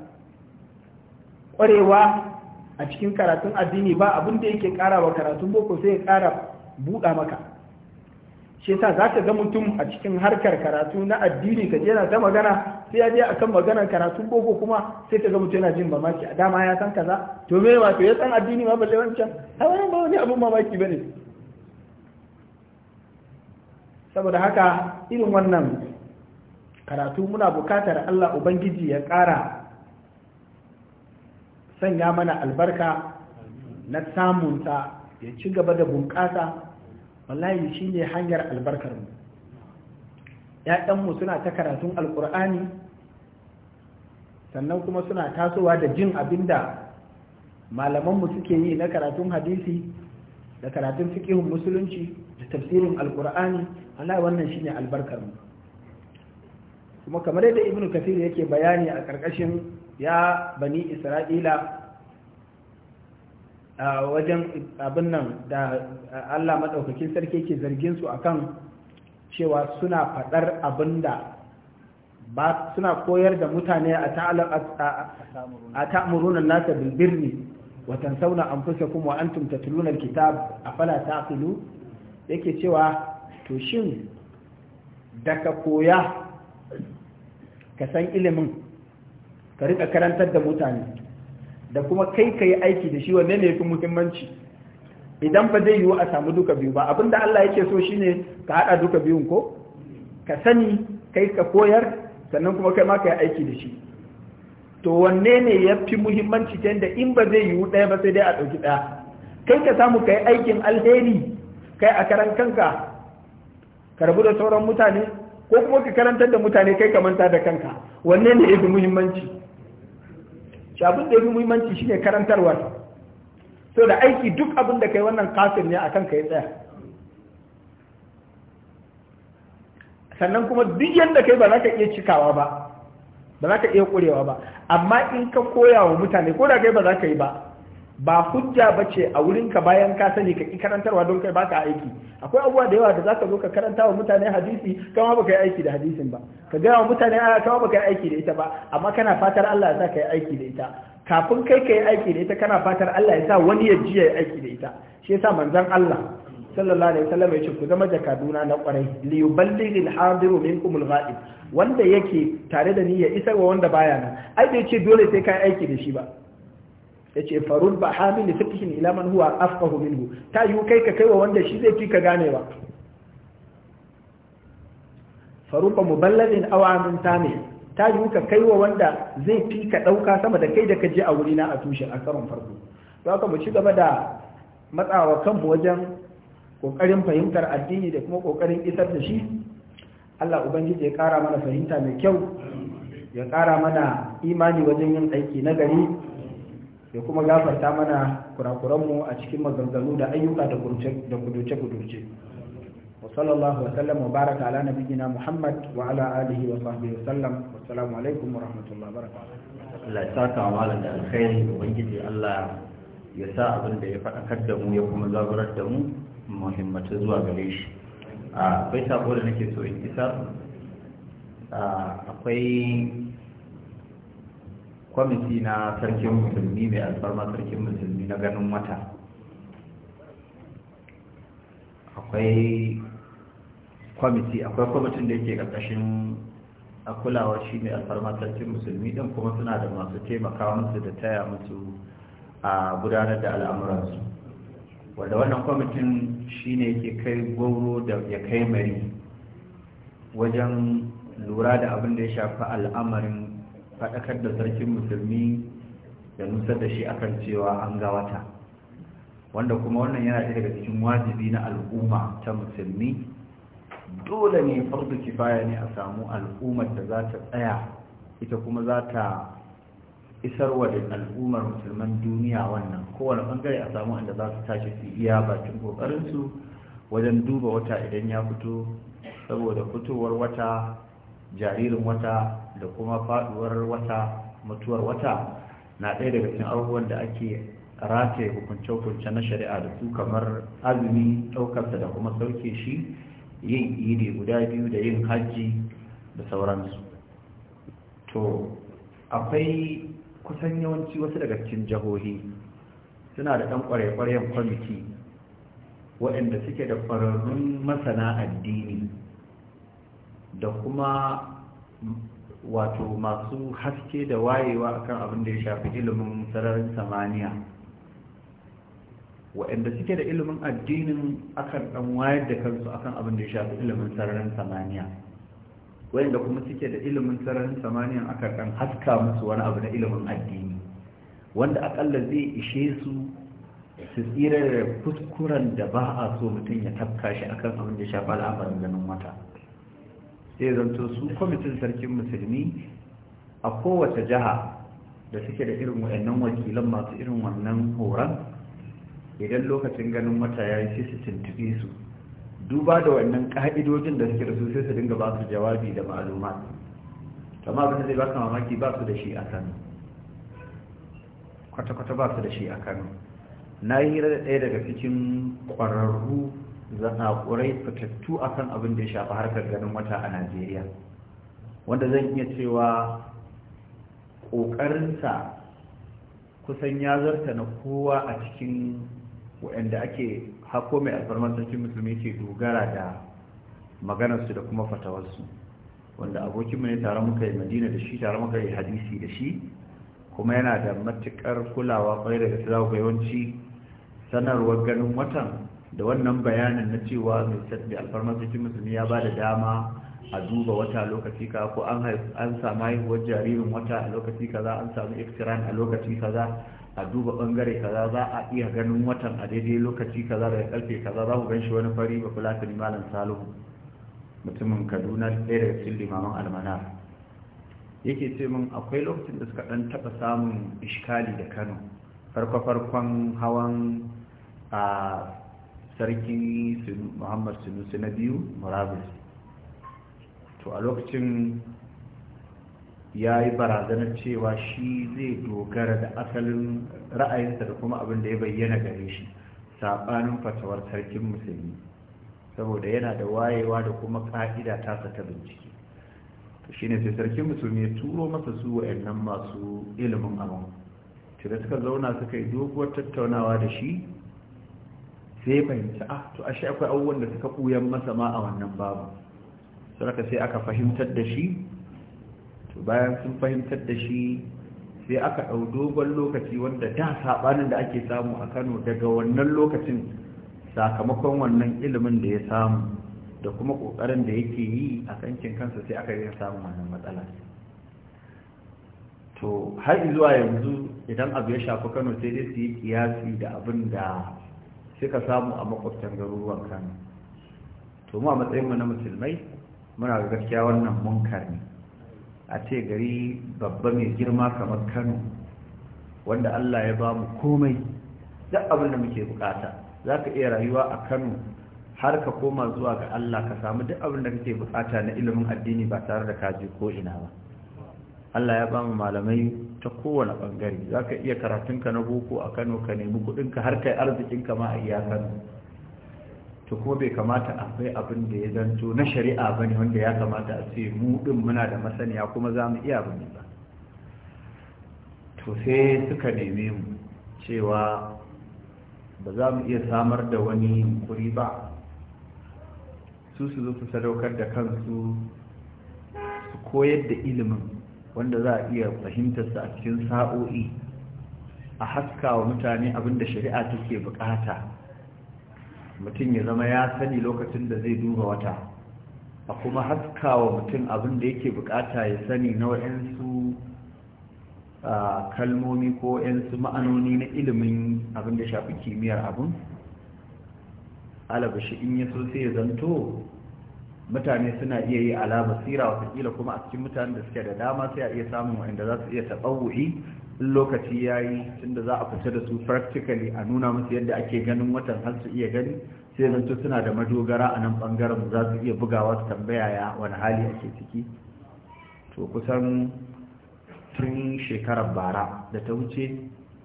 ƙwarewa a cikin karatun addini ba abin da yake ƙara wa karatun boko sai ya ƙara buɗa maka shi yasa za ka ga mutum a cikin harkar karatu na addini ka je na ta magana sai ya je a kan maganar karatu boko kuma sai ka ga mutum yana jin mamaki a dama ya san kaza to me to ya san addini ma balle wancan a ba wani abin mamaki ba ne? saboda haka irin wannan karatu muna bukatar Allah ubangiji ya ƙara sanya mana albarka na samunta ya ci gaba da bunƙasa wallahi ne hanyar albarkar mu ‘ya'yanmu suna ta karatun alkur'ani sannan kuma suna tasowa da jin abinda da malamanmu suke yi na karatun hadisi da karatun fikihun musulunci da tafsirin alkur'ani wallahi wannan shine albarkar mu kuma kamar yadda ibnu kafir yake bayani a ƙarƙashin ya bani isra'ila A wajen abin nan da Allah maɗaukakin sarki ke zargin su akan cewa suna faɗar abin ba suna koyar da mutane a ta'amurunan nasa bilbirni watan sauna an fusa kuma an tulunar kitab a fala taqilu yake cewa to shin daga koya ka san ilimin ka rika karantar da mutane da kuma kai ka yi aiki da shi wanne ne fi muhimmanci idan ba zai yiwu a samu duka biyu ba abinda Allah yake so shine ka hada duka biyun ko ka sani kai ka koyar sannan kuma kai ma ka yi aiki da shi to wanne ne ya fi muhimmanci ta yadda in ba zai yiwu ɗaya ba sai dai a ɗauki ɗaya kai ka samu ka yi aikin alheri kai a karan kanka ka rabu da sauran mutane ko kuma ka karantar da mutane kai ka manta da kanka wanne ne ya fi muhimmanci shi abin da fi muhimmanci shine karantarwar so da aiki duk abin da kai wannan kafin ne akan kai tsaya sannan kuma duk yadda kai ba za ka iya cikawa ba ba za ka iya kurewa ba amma in ka koya wa mutane ko da kai ba za ka yi ba ba hujja ba ce a wurinka bayan ka sani ka karantarwa don kai baka aiki akwai abubuwa da yawa da za ka zo ka karanta wa mutane hadisi kama ba ka yi aiki da hadisin ba ka gaya wa mutane aya kama ba ka yi aiki da ita ba amma kana fatar Allah ya sa ka yi aiki da ita kafin kai ka yi aiki da ita kana fatar Allah ya sa wani ya ji ya yi aiki da ita shi yasa manzon Allah sallallahu alaihi wasallam ya ce ku zama jakaduna na kwarai li yuballighil hadiru minkum wanda yake tare da ni ya isar wa wanda baya nan ai bai ce dole sai ka yi aiki da shi ba yace farud ba hamil da ila ilaman huwa afqahu minhu ta yi kai ka kaiwa wanda shi zai fi ka ganewa faruba muballighin awa amin ne ta yi ka kaiwa wanda zai fi ka ɗauka sama da kai da ka je a wuri na a tushe a karon farko za ka mu ci gaba da matsawa kanmu wajen ƙoƙarin fahimtar addini da kuma ƙoƙarin isar da shi Allah ubangiji ya kara mana fahimta mai kyau ya kara mana imani wajen yin aiki na gari ya kuma gafarta mana kurakuranmu a cikin maganganu da ayyuka da gudurce-gudurce wa sallallahu wa sallam wa baraka ala nabiyyina muhammad wa ala alihi wa sahbihi wa sallam alaikum wa rahmatullahi wa barakatuh Allah ya saka wa da alkhairi ubangiji Allah ya sa abin da ya faɗakar da mu ya kuma zaburar da mu muhimmatu zuwa gare shi ah, akwai sako da nake so in isa ah, akwai kwamiti na sarkin musulmi mai alfarma sarkin musulmi na ganin wata akwai kwamiti akwai kwamitin da yake ƙarƙashin a kulawa shi mai alfarma sarkin musulmi ɗin kuma suna da masu taimaka musu da taya musu a gudanar da al'amuransu wanda wannan kwamitin shi ne yake kai goro da ya kai mari wajen lura da abin da ya shafi al'amarin faɗakar da sarkin musulmi da nusa da shi akan cewa an ga wata wanda kuma wannan yana ɗaya daga cikin wajibi na al'umma ta musulmi dole ne fardu kifaya ne a samu al'ummar da za ta tsaya ita kuma za ta isarwa da al'ummar musulman duniya wannan kowane bangare a samu inda za su tashi su iya bakin kokarinsu wajen duba wata idan ya fito saboda fitowar wata jaririn wata da kuma faduwar wata mutuwar wata na ɗaya daga cikin abubuwan da ake rataye hukunce-hukunce na shari'a da su kamar azumi ɗaukarsa da kuma sauke shi yin idi guda biyu da yin hajji da sauransu to akwai kusan yawanci wasu daga cikin jihohi suna da ɗan ƙware-ƙwaren kwamiti waɗanda suke da ƙwararrun masana addini da kuma wato masu haske da wayewa akan abin da ya shafi ilimin sararin samaniya waɗanda suke da ilimin addinin akan ɗan wayar da kansu akan abin da ya shafi ilimin sararin samaniya waɗanda kuma suke da ilimin sararin samaniya akan ɗan haska musu wani abu na ilimin addini wanda akalla zai ishe su su tsira da kuskuren da ba a so mutum ya tafka shi akan abin da ya shafi al'amarin ganin wata sai zanto su kwamitin sarkin musulmi a kowace jiha da suke da irin wa'annan wakilan masu irin wannan horon idan lokacin ganin wata ya yi sai su tuntube su duba da wannan ka'idojin da suke da su sai su dinga ba su jawabi da ma'aluma ta abin da zai baka mamaki ba su da shi a kano kwata-kwata ba su da shi a kano na yi hira da ɗaya daga cikin ƙwararru zana zanakurai fitattu akan abin da ya shafi harkar ganin wata a najeriya wanda zan iya cewa ƙoƙarinsa kusan ya zarta na kowa a cikin waɗanda ake hako mai alfarmar sarkin musulmi ke dogara da maganarsu da kuma fatawarsu wanda abokinmu ne tare muka yi madina da shi tare muka yi hadisi da shi kuma yana da matuƙar kulawa ƙwai daga ga yawanci sanarwar ganin watan da wannan bayanin na cewa mai sadda alfarmasocin musulmi ya ba da dama a duba wata lokaci ka ko an samu haihuwar jaririn wata a lokaci kaza an samu iftiran a lokaci kaza a duba bangare kaza za a iya ganin watan a daidai lokaci kaza daga karfe kaza za ku gan shi wani fari ba ni malam salihu mutumin kaduna ɗaya daga cikin limaman almana yake ce min akwai lokacin da suka ɗan taɓa samun ishkali da kano farko-farkon hawan a sarki muhammad sinusi na biyu murabus to a lokacin ya yi barazanar cewa shi zai dogara da asalin ra'ayinsa da kuma abin da ya bayyana gare shi saɓanin fatawar sarkin musulmi saboda yana da wayewa da kuma ƙa'ida tasa ta bincike to shine sai sarkin musulmi ya turo masa su wa'annan masu ilimin abin suka zauna suka yi doguwar tattaunawa da shi sai fahimci ah to ashe akwai abubuwan da suka ɓuyan masa ma a wannan babu saraka sai aka fahimtar da shi to bayan sun fahimtar da shi sai aka ɗau dogon lokaci wanda da saɓanin da ake samu a kano daga wannan lokacin sakamakon wannan ilimin da ya samu da kuma ƙoƙarin da yake yi a kankin kansa sai aka yi samu wannan matsala to har zuwa yanzu idan abu ya shafi kano sai dai su yi kiyasi da abin da sai ka samu a makwabtan garuruwan kano to mu a matsayinmu na musulmai muna ga gaskiya wannan munkar ne a ce gari babba mai girma kamar kano wanda allah ya ba mu komai duk abin da muke bukata za ka iya rayuwa a kano har ka koma zuwa ga allah ka samu duk abin da kake bukata na ilimin addini ba tare da kaji ko ina ba allah ya ba mu malamai ta kowane bangare za ka iya karatunka na boko a kano ka nemi kudinka har kai arzikinka ma a iya kano to kuma bai kamata a akwai abin da ya zanto na shari'a ba ne wanda ya kamata a ce mu ɗin muna da masaniya kuma za mu iya ne ba to sai suka neme mu cewa ba za mu iya samar da wani yunkuri ba su su zo su sadaukar da kansu su koyar da ilimin wanda za a iya fahimtarsa a cikin sa'o'i a haska wa mutane abinda shari'a take bukata mutum ya zama ya sani lokacin da zai duba wata a kuma haska wa mutum abinda yake bukata ya sani na wa'yansu kalmomi ko wa'yansu ma'anoni na ilimin abinda shafi kimiyyar abin alabashi in ya so sai ya zanto mutane suna iya yi alama sira watakila kuma a cikin mutanen da suke da dama sai a iya samun wa'anda za su iya in lokaci ya yi tunda za a fita da su practically a nuna musu yadda ake ganin watan har su iya gani sai zanto suna da madogara a nan ɓangaren za su iya bugawa su tambaya ya wani hali ake ciki to kusan tun shekarar bara da ta wuce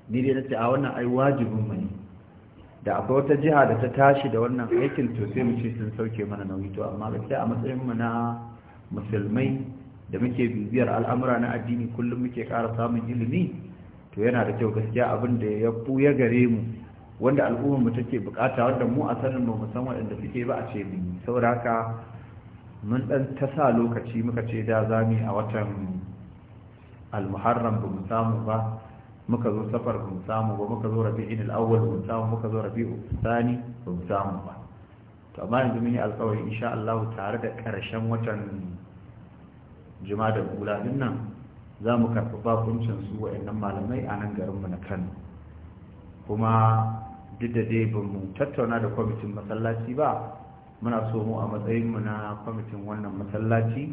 ni dai na ce a wannan ai wajibin mu ne da akwai wata jiha da ta tashi da wannan aikin to sai mu ce sun sauke mana nauyi to amma gaskiya a matsayin mu na musulmai da muke bibiyar al'amura na addini kullum muke ƙara samun ilimi to yana da kyau gaskiya abin da ya buya gare mu wanda al'ummar mu take bukata wanda mu a sanin mu san waɗanda suke ba a ce mu saboda haka mun dan ta sa lokaci muka ce da zami a watan al-muharram ba mu samu ba muka zo safar mun samu ba muka zo rabi'in al-awwal mun mu samu muka zo rabi Sani ba mu samu ba to amma yanzu mun yi alƙawari insha Allah tare da karshen watan juma'a da gula din nan za mu karɓi bakuncin su waannan malamai a nan garin mu na Kano kuma duk da dai ba mu tattauna da kwamitin masallaci ba muna so mu a matsayin mu na kwamitin wannan masallaci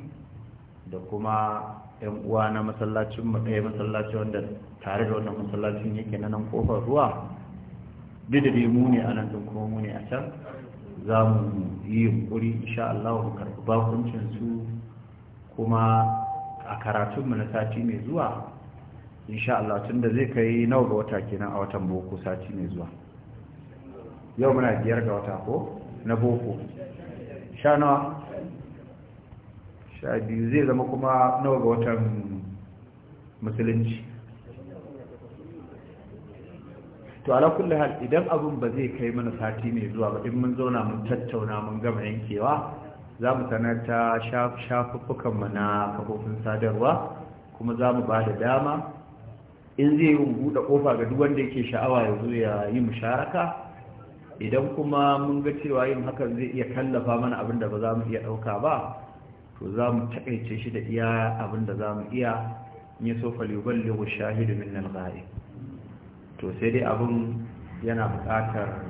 da kuma yan uwa na masallacin mu ɗaya eh, masallaci wanda tare da wannan masallacin yake na nan kofar ruwa bidiri mu ne a nan kuma mu ne a can za mu yi yunkuri insha Allah mu karɓi bakuncin su kuma a karatun mu na sati mai zuwa insha Allah tunda zai kai nawa ga wata kenan a watan boko sati mai zuwa yau muna biyar ga wata ko na boko sha nawa sha biyu zai zama kuma nawa ga watan musulunci to ala kulli hal idan abun ba zai kai mana sati mai zuwa ba in mun zauna mun tattauna mun gama yankewa za mu sanar ta mu na kafofin sadarwa kuma za mu ba da dama in zai yi buɗe ƙofa ga duk wanda yake sha'awa ya zo ya yi musharaka idan kuma mun ga cewa yin hakan zai iya kallafa mana abin da ba za mu iya ɗauka ba to za mu taƙaice shi da iya abin da za mu iya ya so faliballewa shahidu min nalgari to sai dai abin yana buƙatar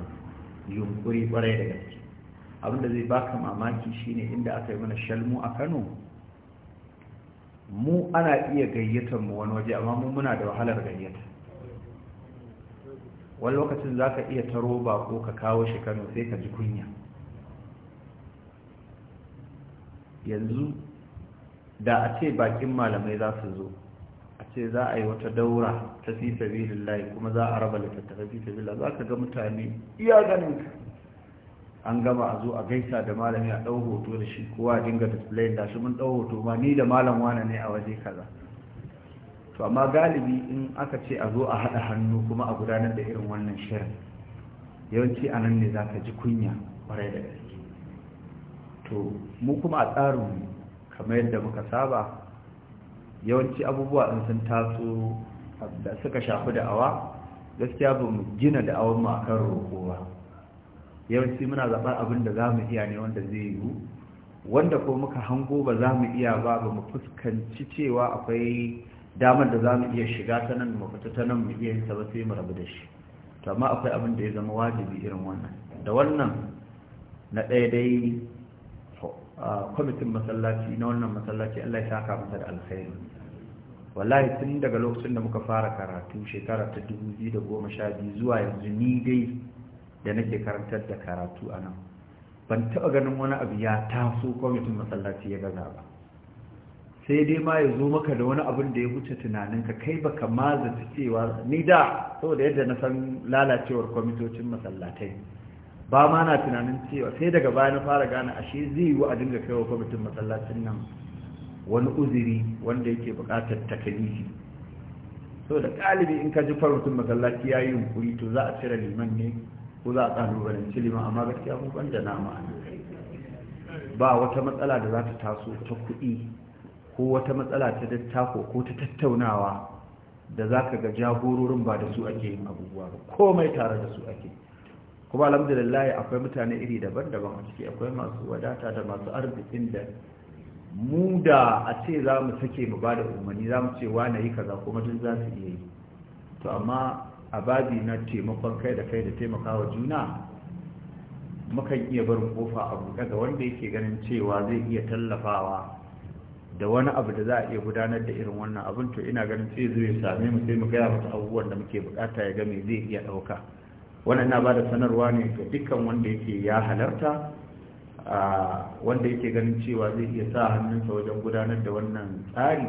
yunkuri ƙwarai da gaske abin da zai baka mamaki shine inda aka yi mana shalmu a kano mu ana iya gayyatar mu wani waje amma mu muna da wahalar gayyata wani lokacin za ka iya taro ba ko ka kawo shi kano sai ka ji kunya yanzu da a ce bakin malamai za su zo a ce za a yi wata daura ta fi layi, kuma za a raba littattafa fi layi. za ka ga mutane iya ganin an gama a zo a gaisa da malami a ɗau hoto da shi kowa dinga display da shi mun ɗau hoto ma ni da malam wane ne a waje kaza to amma galibi in aka ce a zo a haɗa hannu kuma a gudanar da irin wannan shirin yawanci a nan ne za ka ji kunya kwarai da gaske to mu kuma a tsarin kamar yadda muka saba yawanci abubuwa ɗin sun taso da suka shafi da'awa gaskiya ba mu gina da'awanmu a kan roƙo ba yawanci muna zaɓar abin da za mu iya ne wanda zai yiwu wanda ko muka hango ba za mu iya ba ba mu fuskanci cewa akwai damar da za mu iya shiga ta nan mu fita ta nan mu iya yin ba sai mu rabu da shi to amma akwai abin da ya zama wajibi irin wannan da wannan na ɗaya dai kwamitin masallaci na wannan masallaci Allah ya saka masa da alkhairi wallahi tun daga lokacin da muka fara karatu shekara ta 2012 zuwa yanzu ni dai da nake karantar da karatu a nan ban taɓa ganin wani abu ya taso kwamitin masallaci ya gaza ba sai dai ma ya zo maka da wani abin da ya wuce tunaninka kai baka ma zata cewa ni da saboda yadda na san lalacewar kwamitocin masallatai ba ma na tunanin cewa sai daga bayan na fara gane ashe zai yi a dinga kaiwa kwamitin masallacin nan wani uzuri wanda yake buƙatar takalifi so da ƙalibi in ka ji farutun masallaci ya yi yunkuri to za a cire liman ne ko za a cire liman amma gaskiya mu ban da nama ba wata matsala da za ta taso ta kuɗi ko wata matsala ta dattako ko ta tattaunawa da za ka ga jagororin ba da su ake yin abubuwa ba komai tare da su ake kuma alhamdulillah akwai mutane iri daban-daban a ciki akwai masu wadata da masu arzikin da mu da a ce za mu sake mu ba da umarni za mu ce wa na yi kaza kuma duk za su iya yi to amma a babi na taimakon kai da kai da taimakawa juna mukan iya barin kofa a buɗe ga wanda yake ganin cewa zai iya tallafawa da wani abu da za a iya gudanar da irin wannan abin to ina ganin sai zai same mu sai mu gaya mata abubuwan da muke bukata ya ga me zai iya ɗauka wannan na ba sanarwa ne ga dukkan wanda yake ya halarta wanda yake ganin cewa zai iya sa hannunsa wajen gudanar da wannan tsari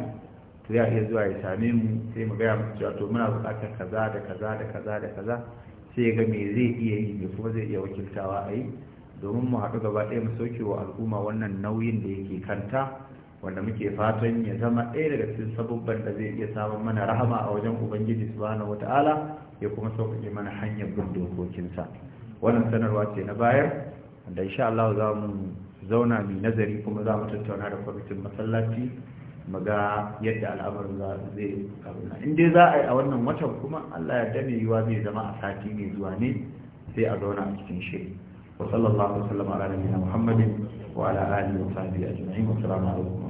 to ya iya zuwa ya same mu sai mu gaya musu cewa to muna buƙatar kaza da kaza da kaza da kaza sai ga me zai iya yi me kuma zai iya wakiltawa ayi, domin mu haɗu gaba ɗaya mu sauke wa al'umma wannan nauyin da yake kanta wanda muke fatan ya zama ɗaya daga cikin sabubban da zai iya samun mana rahama a wajen ubangiji subhanahu wata'ala ya kuma sauƙaƙe mana hanyar bin dokokinsa wannan sanarwa ce na bayar da insha Allah za mu zauna mai nazari kuma za mu tattauna da kwamitin masallaci mu ga yadda al'amarin za zai karuna in dai za a yi a wannan watan kuma Allah ya dame yiwa zai zama a sati mai zuwa ne sai a zauna a cikin shiri wa sallallahu alaihi wa sallam ala nabiyina muhammadin wa ala alihi wa sahbihi ajma'in wa assalamu alaikum